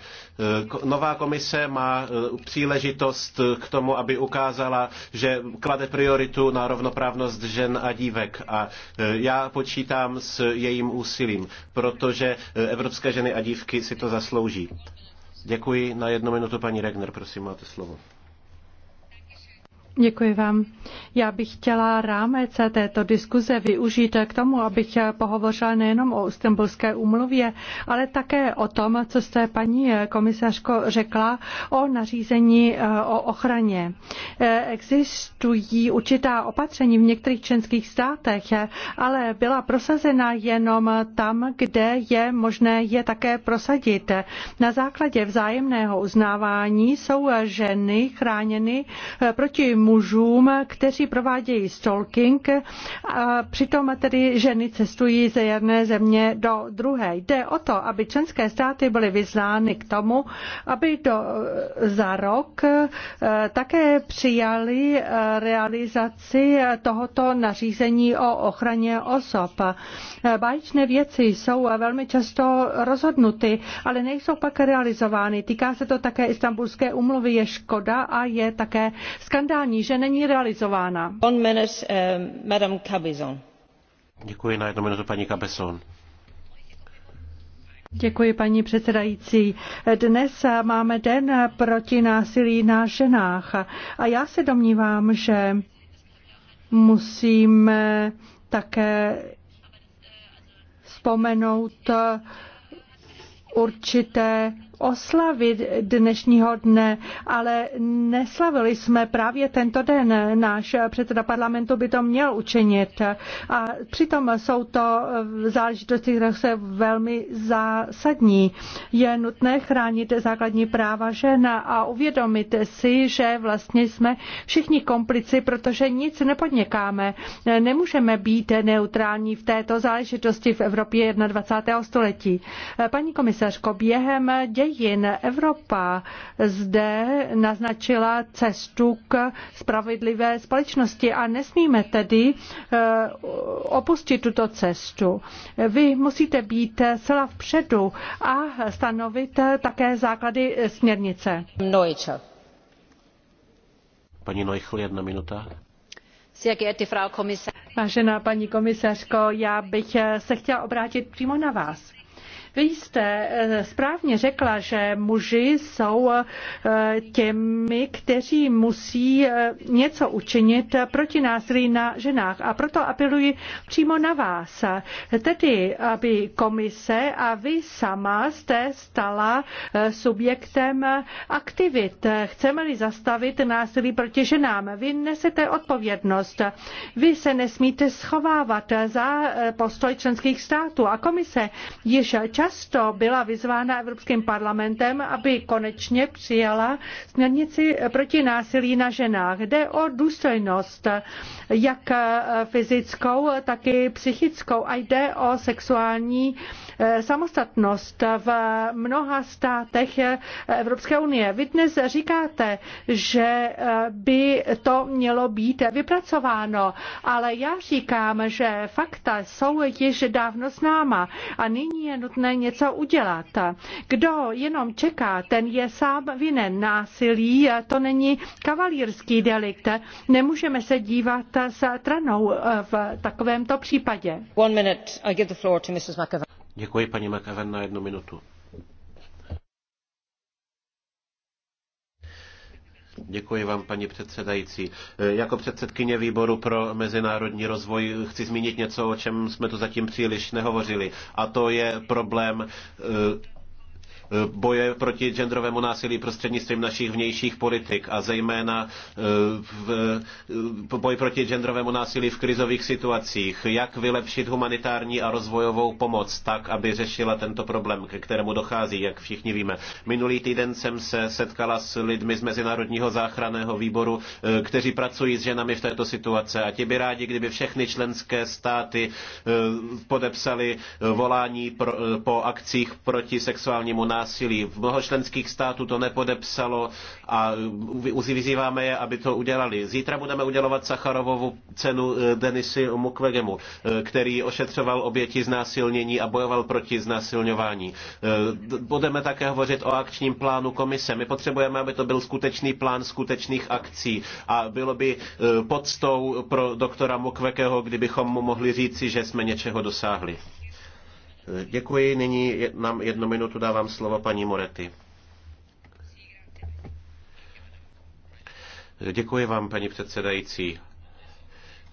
Nová komise má e, příležitost k tomu, aby ukázala, ukázala, že klade prioritu na rovnoprávnost žen a dívek. A e, já počítám s jejím úsilím, protože e, evropské ženy a dívky si to zaslouží. Děkuji. Na jednu minutu paní Regner, prosím, máte slovo. Děkuji vám. Já bych chtěla rámec této diskuze využít k tomu, abych pohovořila nejenom o Istanbulské úmluvě, ale také o tom, co jste paní komisařko řekla o nařízení eh, o ochraně. Eh, existují určitá opatření v některých členských státech, ale byla prosazena jenom tam, kde je možné je také prosadit. Na základě vzájemného uznávání jsou ženy chráněny eh, proti mužům, kteří provádějí stalking, a přitom tedy ženy cestují ze jedné země do druhé. Jde o to, aby členské státy byly vyznány k tomu, aby do, za rok e, také přijali e, realizaci tohoto nařízení o ochraně osob. E, báječné věci jsou velmi často rozhodnuty, ale nejsou pak realizovány. Týká se to také Istanbulské umluvy, je škoda a je také skandální opatření, že není realizována. Eh, paní předsedající. Dnes máme den proti násilí na ženách a já se domnívám, že musíme také vzpomenout určité oslavit dnešního dne, ale neslavili jsme právě tento den. Náš předseda parlamentu by to měl učinit. A přitom jsou to eh, záležitosti, které jsou velmi zásadní. Je nutné chránit základní práva žen a uvědomit si, že vlastně jsme všichni komplici, protože nic nepodnikáme. Nemůžeme být neutrální v této záležitosti v Evropě 21. století. Paní komisařko, během dějin dějin. Evropa zde naznačila cestu k spravedlivé společnosti a nesmíme tedy eh, opustit tuto cestu. Vy musíte být celá vpředu a stanovit také základy směrnice. Neutscher. Paní Neuchl, jedna minuta. Vážená paní komisařko, já bych se chtěla obrátit přímo na vás. Vy jste eh, správně řekla, že muži jsou eh, těmi, kteří musí eh, něco učinit proti násilí na ženách. A proto apeluji přímo na vás. Tedy, aby komise a vy sama jste stala subjektem aktivit. Chceme-li zastavit násilí proti ženám, vy nesete odpovědnost. Vy se nesmíte schovávat za postoj členských států a komise již čas často byla vyzvána Evropským parlamentem, aby konečně přijala směrnici proti násilí na ženách. Jde o důstojnost, jak fyzickou, tak i psychickou a jde o sexuální Eh, samostatnost v mnoha státech Evropské unie. Vy dnes říkáte, že eh, by to mělo být vypracováno, ale já říkám, že fakta jsou již dávno známa a nyní je nutné něco udělat. Kdo jenom čeká, ten je sám vinen násilí, eh, to není kavalírský delikt. Nemůžeme se dívat stranou v takovémto případě. One minute, I give the floor to Mrs. Děkuji paní McEwen na jednu minutu. Děkuji vám, paní předsedající. Jako předsedkyně výboru pro mezinárodní rozvoj chci zmínit něco, o čem jsme tu zatím příliš nehovořili. A to je problém eh, Eh, boje proti genderovému násilí prostřednictvím našich vnějších politik a zejména eh, v eh, boj proti genderovému násilí v krizových situacích. Jak vylepšit humanitární a rozvojovou pomoc tak, aby řešila tento problém, ke kterému dochází, jak všichni víme. Minulý týden jsem se setkala s lidmi z Mezinárodního záchranného výboru, kteří pracují s ženami v této situaci a ti by rádi, kdyby všechny členské státy podepsali volání po akcích proti sexuálnímu násilí násilí. V mnoho členských států to nepodepsalo a vyzýváme je, aby to udělali. Zítra budeme udělovat Sacharovovu cenu eh, Denisi Mukwegemu, eh, který ošetřoval oběti znásilnění a bojoval proti znásilňování. Eh, budeme také hovořit o akčním plánu komise. My potřebujeme, aby to byl skutečný plán skutečných akcí a bylo by podstou pro doktora Mukwegeho, kdybychom mu mohli říci, že jsme něčeho dosáhli. Děkuji. Nyní nám jednu minutu dávám slovo paní Morety. Děkuji vám, paní předsedající.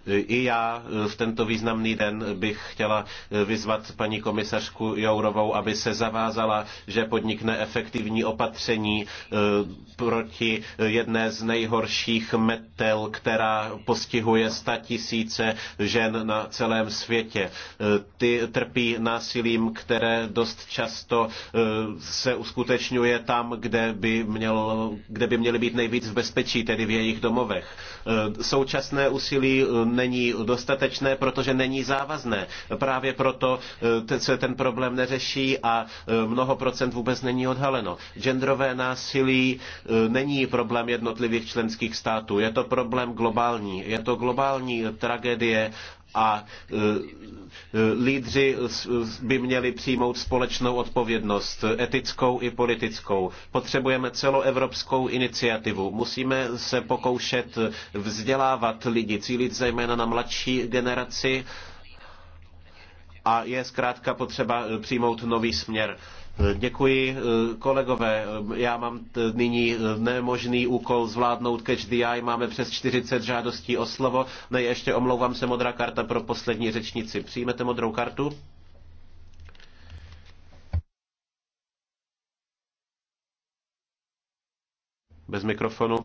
I já e, v tento významný den bych chtěla e, vyzvat paní komisařku Jourovou, aby se zavázala, že podnikne efektivní opatření e, proti jedné z nejhorších metel, která postihuje sta tisíce žen na celém světě. Ty trpí násilím, které dost často se uskutečňuje tam, kde by, měl, kde by měly být nejvíc v bezpečí, tedy v jejich domovech. Současné úsilí není dostatečné, protože není závazné. Právě proto eh, se ten problém neřeší a eh, mnoho procent vůbec není odhaleno. Genderové násilí eh, není problém jednotlivých členských států, je to problém globální. Je to globální tragédie a e, e, lídři by měli přijmout společnou odpovědnost, etickou i politickou. Potřebujeme celoevropskou iniciativu. Musíme se pokoušet vzdělávat lidi, cílit zejména na mladší generaci a je zkrátka potřeba přijmout nový směr. Děkuji, eh, kolegové. Já mám nyní eh, nemožný úkol zvládnout catch the eye. Máme přes 40 žádostí o slovo. Ne, ještě omlouvám se, modrá karta pro poslední řečnici. Přijmete modrou kartu? Bez mikrofonu.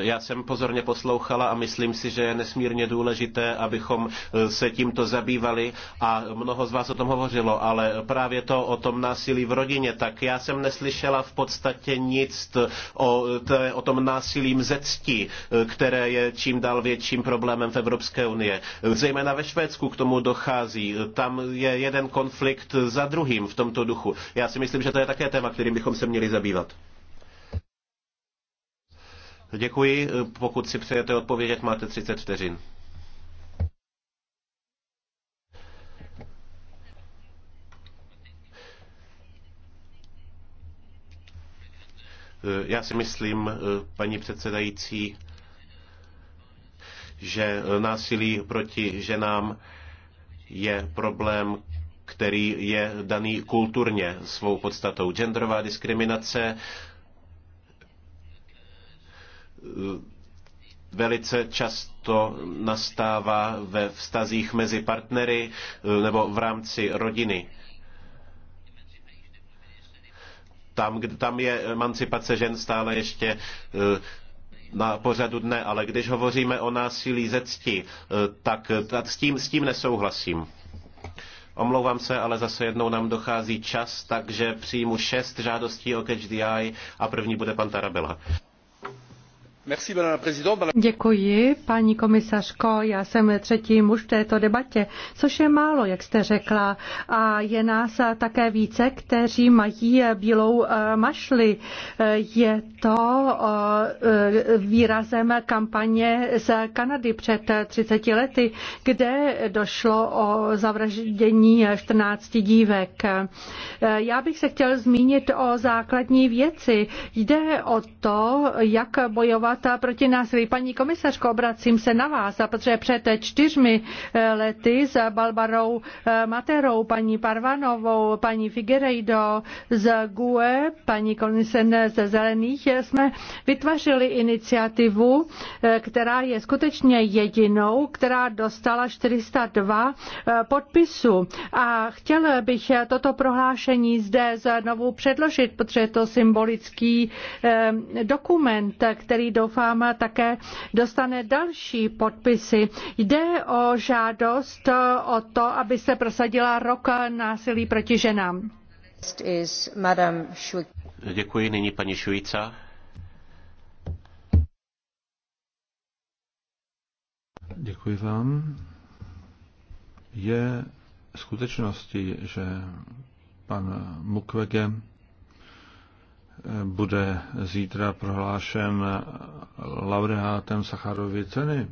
Já jsem pozorně poslouchala a myslím si, že je nesmírně důležité, abychom eh, se tímto zabývali a mnoho z vás o tom hovořilo, ale právě to o tom násilí v rodině, tak já jsem neslyšela v podstatě nic o, té, o tom násilí cti, eh, které je čím dál větším problémem v Evropské unii. Zejména ve Švédsku k tomu dochází. Tam je jeden konflikt za druhým v tomto duchu. Já si myslím, že to je také téma, kterým bychom se měli zabývat. Děkuji. Pokud si přejete odpovědět, máte 30 vteřin. Já si myslím, paní předsedající, že násilí proti ženám je problém, který je daný kulturně svou podstatou. Genderová diskriminace velice často nastává ve vztazích mezi partnery eh, nebo v rámci rodiny. Tam, tam je emancipace žen stále ještě eh, na pořadu dne, ale když hovoříme o násilí ze cti, eh, tak, tak s, tím, s tím nesouhlasím. Omlouvám se, ale zase jednou nám dochází čas, takže přijmu šest žádostí o Catch the Eye a první bude pan Tarabela. Děkuji, paní komisařko. Já jsem třetí muž v této debatě, což je málo, jak jste řekla. A je nás také více, kteří mají bílou eh, mašli. Eh, je to eh, výrazem kampaně z Kanady před 30 lety, kde došlo o zavraždění 14 dívek. Já bych se chtěl zmínit o základní věci. Jde o to, jak bojovat bojovat proti násilí. Paní komisařko, obracím se na vás, protože před čtyřmi eh, lety s Balbarou eh, Materou, paní Parvanovou, paní Figueiredo z GUE, paní Kolnisen ze Zelených eh, jsme vytvořili iniciativu, která je skutečně jedinou, která dostala 402 podpisů. A chtěl bych toto prohlášení zde znovu předložit, protože je to symbolický dokument, který do doufám také dostane další podpisy. Jde o žádost o to, aby se prosadila rok násilí proti ženám. Děkuji, nyní paní Švýca. Děkuji vám. Je skutečností, že pan Mukwege bude zítra prohlášen laureátem Sacharovy ceny.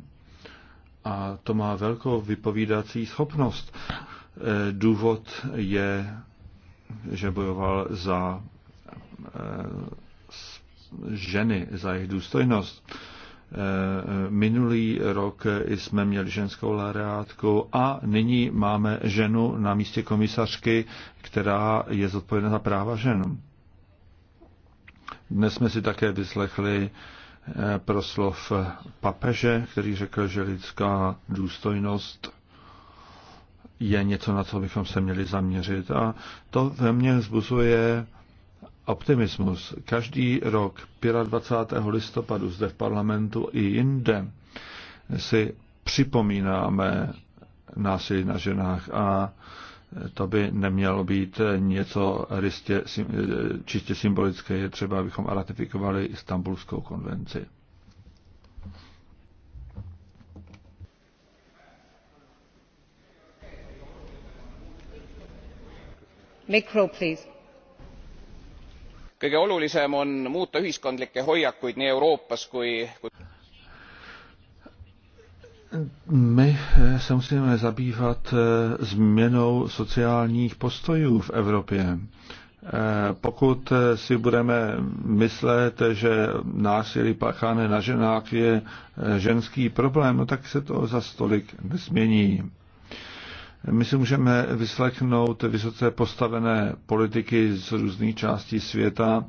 A to má velkou vypovídací schopnost. E, důvod je, že bojoval za e, ženy, za jejich důstojnost. E, minulý rok jsme měli ženskou laureátku a nyní máme ženu na místě komisařky, která je zodpovědná za práva žen. Dnes jsme si také vyslechli eh, proslov papeže, který řekl, že lidská důstojnost je něco, na co bychom se měli zaměřit. A to ve mně vzbuzuje optimismus. Každý rok 25. listopadu zde v parlamentu i jinde si připomínáme násilí na ženách a to by nemělo být něco rystě, čistě symbolické. Je třeba, abychom ratifikovali Istanbulskou konvenci. kõige olulisem on muuta ühiskondlikke hoiakuid nii euroopas kui my eh, se musíme zabývat eh, změnou sociálních postojů v Evropě. Eh, pokud si budeme myslet, že násilí páchané na ženách je ženský problém, no tak se to za stolik nesmění. My si můžeme vyslechnout vysoce postavené politiky z různých částí světa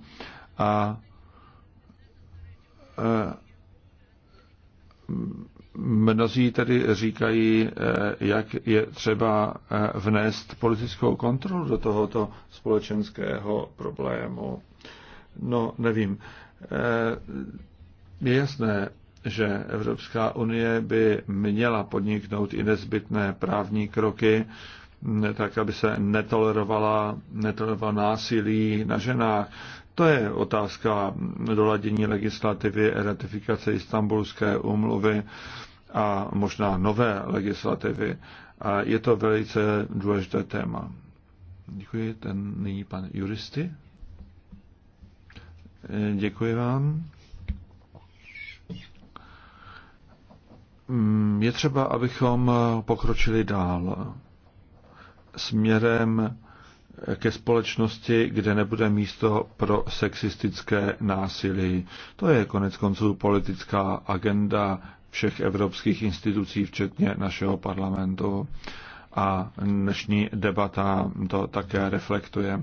a Mnozí tedy říkají, eh, jak je třeba eh, vnést politickou kontrolu do tohoto společenského problému. No, nevím. Eh, je jasné, že Evropská unie by měla podniknout i nezbytné právní kroky, mm, tak aby se netolerovala, netolerovala násilí na ženách. To je otázka doladění legislativy, ratifikace istambulské umluvy a možná nové legislativy. A je to velice důležité téma. Děkuji. Ten nyní pan juristy. Děkuji vám. Mm, je třeba, abychom pokročili dál směrem ke společnosti, kde nebude místo pro sexistické násilí. To je konec konců politická agenda všech evropských institucí, včetně našeho parlamentu. A dnešní debata to také reflektuje.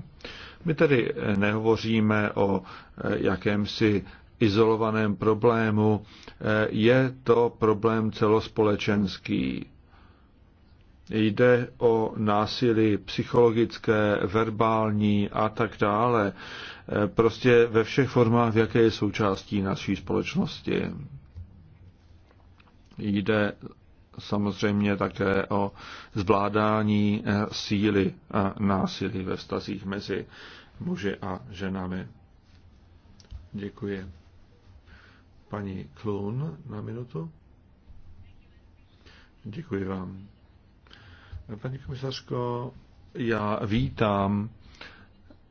My tedy nehovoříme o eh, jakémsi izolovaném problému. Eh, je to problém celospolečenský. Jde o násilí psychologické, verbální a tak dále. Eh, prostě ve všech formách, v jaké je součástí naší společnosti. Jde samozřejmě také o zvládání eh, síly a násilí ve vztazích mezi muži a ženami. Děkuji. Paní Klun na minutu. Děkuji vám. Paní komisařko, já vítám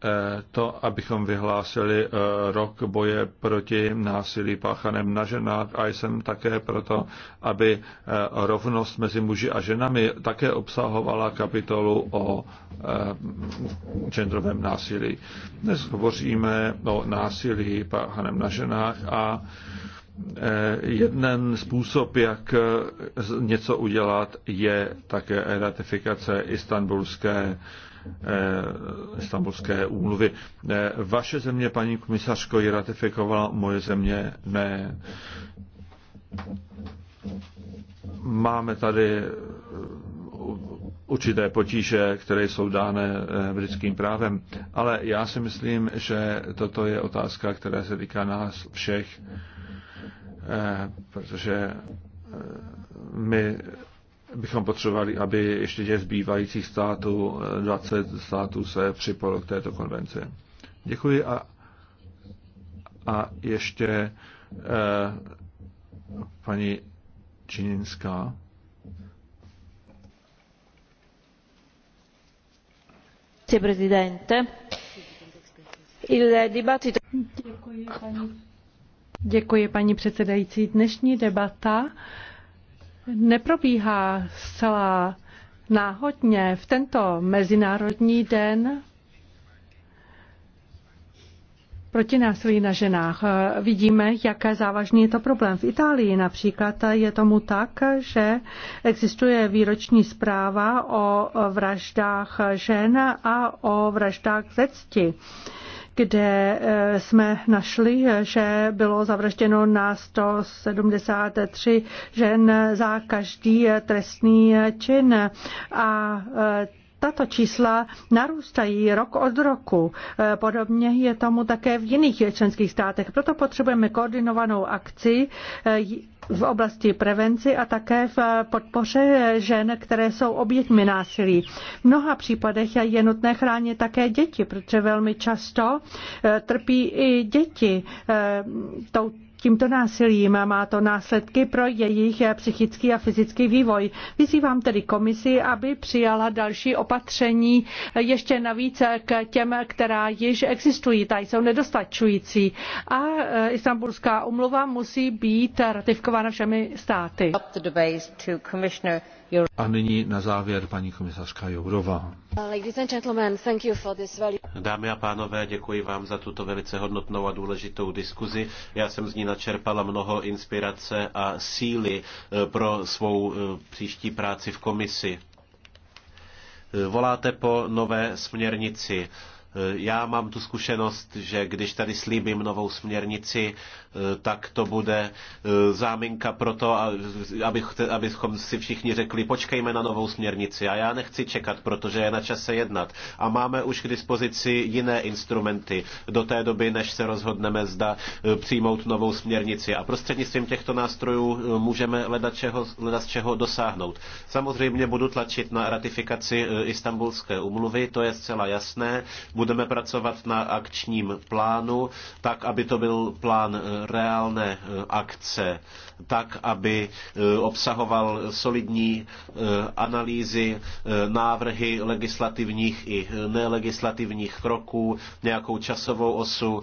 Eh, to, abychom vyhlásili eh, rok boje proti násilí páchaném na ženách a jsem také proto, aby eh, rovnost mezi muži a ženami také obsahovala kapitolu o genderovém násilí. Dnes hovoříme o násilí páchaném na ženách a jeden způsob, jak něco udělat, je také ratifikace istanbulské Eh, Istanbulské úmluvy. Eh, vaše země, paní komisařko, ji ratifikovala, moje země ne. Máme tady eh, určité potíže, které jsou dány britským právem. Ale já si myslím, že toto je otázka, která se týká nás všech, protože my bychom potřebovali, aby ještě těch zbývajících států, 20 eh, států se připojilo k této konvenci. Děkuji a, a ještě eh, paní Čininská. Presidente. Il dibattito... Děkuji, paní. Děkuji, paní předsedající. Dnešní debata neprobíhá zcela náhodně. V tento mezinárodní den proti násilí na ženách. Vidíme, jak závažný je to problém. V Itálii například je tomu tak, že existuje výroční zpráva o vraždách žen a o vraždách ze cti kde eh, jsme našli, že bylo zavražděno na 173 žen za každý eh, trestný čin a eh, tato čísla narůstají rok od roku. E, podobně je tomu také v jiných členských státech. Proto potřebujeme koordinovanou akci e, v oblasti prevenci a také v podpoře žen, které jsou obětmi násilí. V mnoha případech je nutné chránit také děti, protože velmi často e, trpí i děti touto tímto násilím. Má to následky pro jejich psychický a fyzický vývoj. Vyzývám tedy komisi, aby přijala další opatření ještě navíc k těm, která již existují. Ta jsou nedostačující. A e, Istanbulská umluva musí být ratifikována všemi státy. A nyní na závěr paní komisařka Jourová. Dámy a pánové, děkuji vám za tuto velice hodnotnou a důležitou diskuzi. Já jsem z ní načerpala mnoho inspirace a síly eh, pro svou eh, příští práci v komisi. Eh, voláte po nové směrnici Eh, já mám tu zkušenost, že když tady slíbím novou směrnici, eh, tak to bude eh, záminka pro to, abych, abychom si všichni řekli, počkejme na novou směrnici. A já nechci čekat, protože je na čase jednat. A máme už k dispozici jiné instrumenty do té doby, než se rozhodneme, zda přijmout novou směrnici. A prostřednictvím těchto nástrojů můžeme hledat, čeho, hledat z čeho dosáhnout. Samozřejmě budu tlačit na ratifikaci Istanbulské umluvy, to je zcela jasné. Budu budeme pracovat na akčním plánu, tak, aby to byl plán eh, reálné eh, akce, tak, aby eh, obsahoval solidní analýzy, návrhy legislativních i nelegislativních kroků, nějakou časovou osu,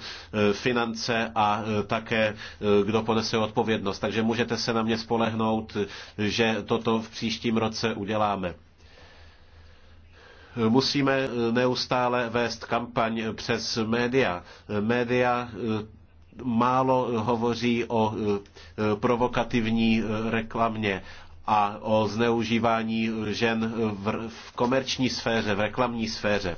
finance a také kdo ponese odpovědnost. Takže můžete se na mě spolehnout, že toto v příštím roce uděláme. Musíme eh, neustále vést kampaň přes média. Média eh, málo hovoří o eh, provokativní reklamě a o zneužívání žen v, komerční sféře, v reklamní sféře,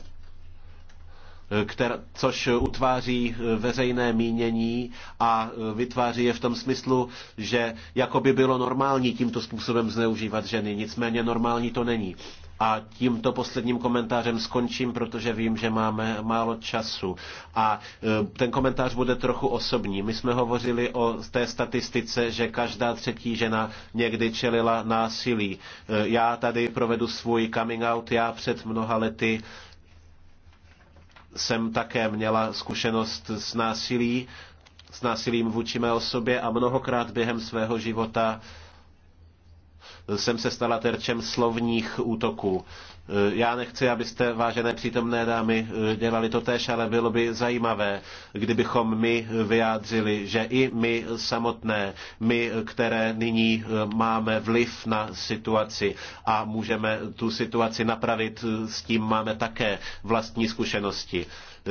která, což utváří veřejné mínění a vytváří je v tom smyslu, že jako by bylo normální tímto způsobem zneužívat ženy, nicméně normální to není. A tímto posledním komentářem skončím, protože vím, že máme málo času. A e, ten komentář bude trochu osobní. My jsme hovořili o té statistice, že každá třetí žena někdy čelila násilí. E, já tady provedu svůj coming out. Já před mnoha lety jsem také měla zkušenost s násilí, s násilím vůči mé osobě a mnohokrát během svého života jsem se stala terčem slovních útoků. Eh, já nechci, abyste, vážené přítomné dámy, eh, dělali to tež, ale bylo by zajímavé, kdybychom my vyjádřili, že i my samotné, my, které nyní eh, máme vliv na situaci a můžeme tu situaci napravit, s tím máme také vlastní zkušenosti.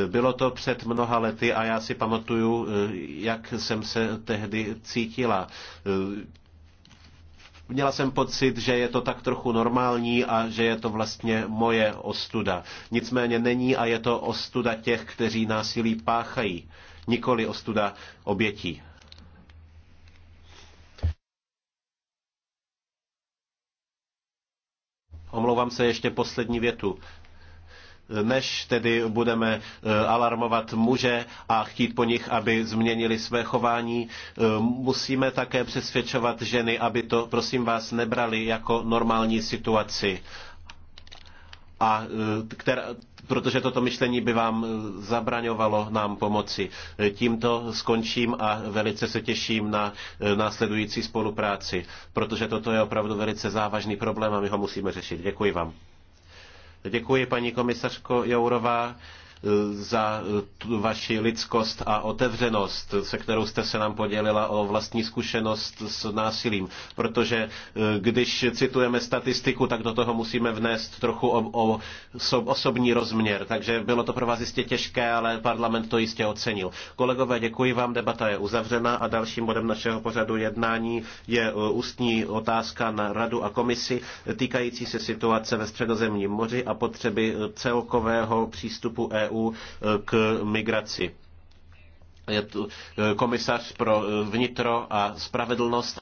Bylo to před mnoha lety a já si pamatuju, jak jsem se tehdy cítila. Měla jsem pocit, že je to tak trochu normální a že je to vlastně moje ostuda. Nicméně není a je to ostuda těch, kteří násilí páchají, nikoli ostuda obětí. Omlouvám se ještě poslední větu než tedy budeme eh, alarmovat muže a chtít po nich, aby změnili své chování. Eh, musíme také přesvědčovat ženy, aby to, prosím vás, nebrali jako normální situaci. A eh, která, protože toto myšlení by vám zabraňovalo nám pomoci. Tímto skončím a velice se těším na následující spolupráci, protože toto je opravdu velice závažný problém a my ho musíme řešit. Děkuji vám. Děkuji, paní komisařko Jourová za eh, vaši lidskost a otevřenost, se kterou jste se nám podělila o vlastní zkušenost s násilím. Protože eh, když citujeme statistiku, tak do toho musíme vnést trochu o, o osobní rozměr. Takže bylo to pro vás jistě těžké, ale parlament to jistě ocenil. Kolegové, děkuji vám, debata je uzavřena a dalším bodem našeho pořadu jednání je eh, ústní otázka na radu a komisi týkající se situace ve středozemním moři a potřeby celkového přístupu EU EU eh, k migraci je tu eh, komisař pro eh, vnitro a spravedlnost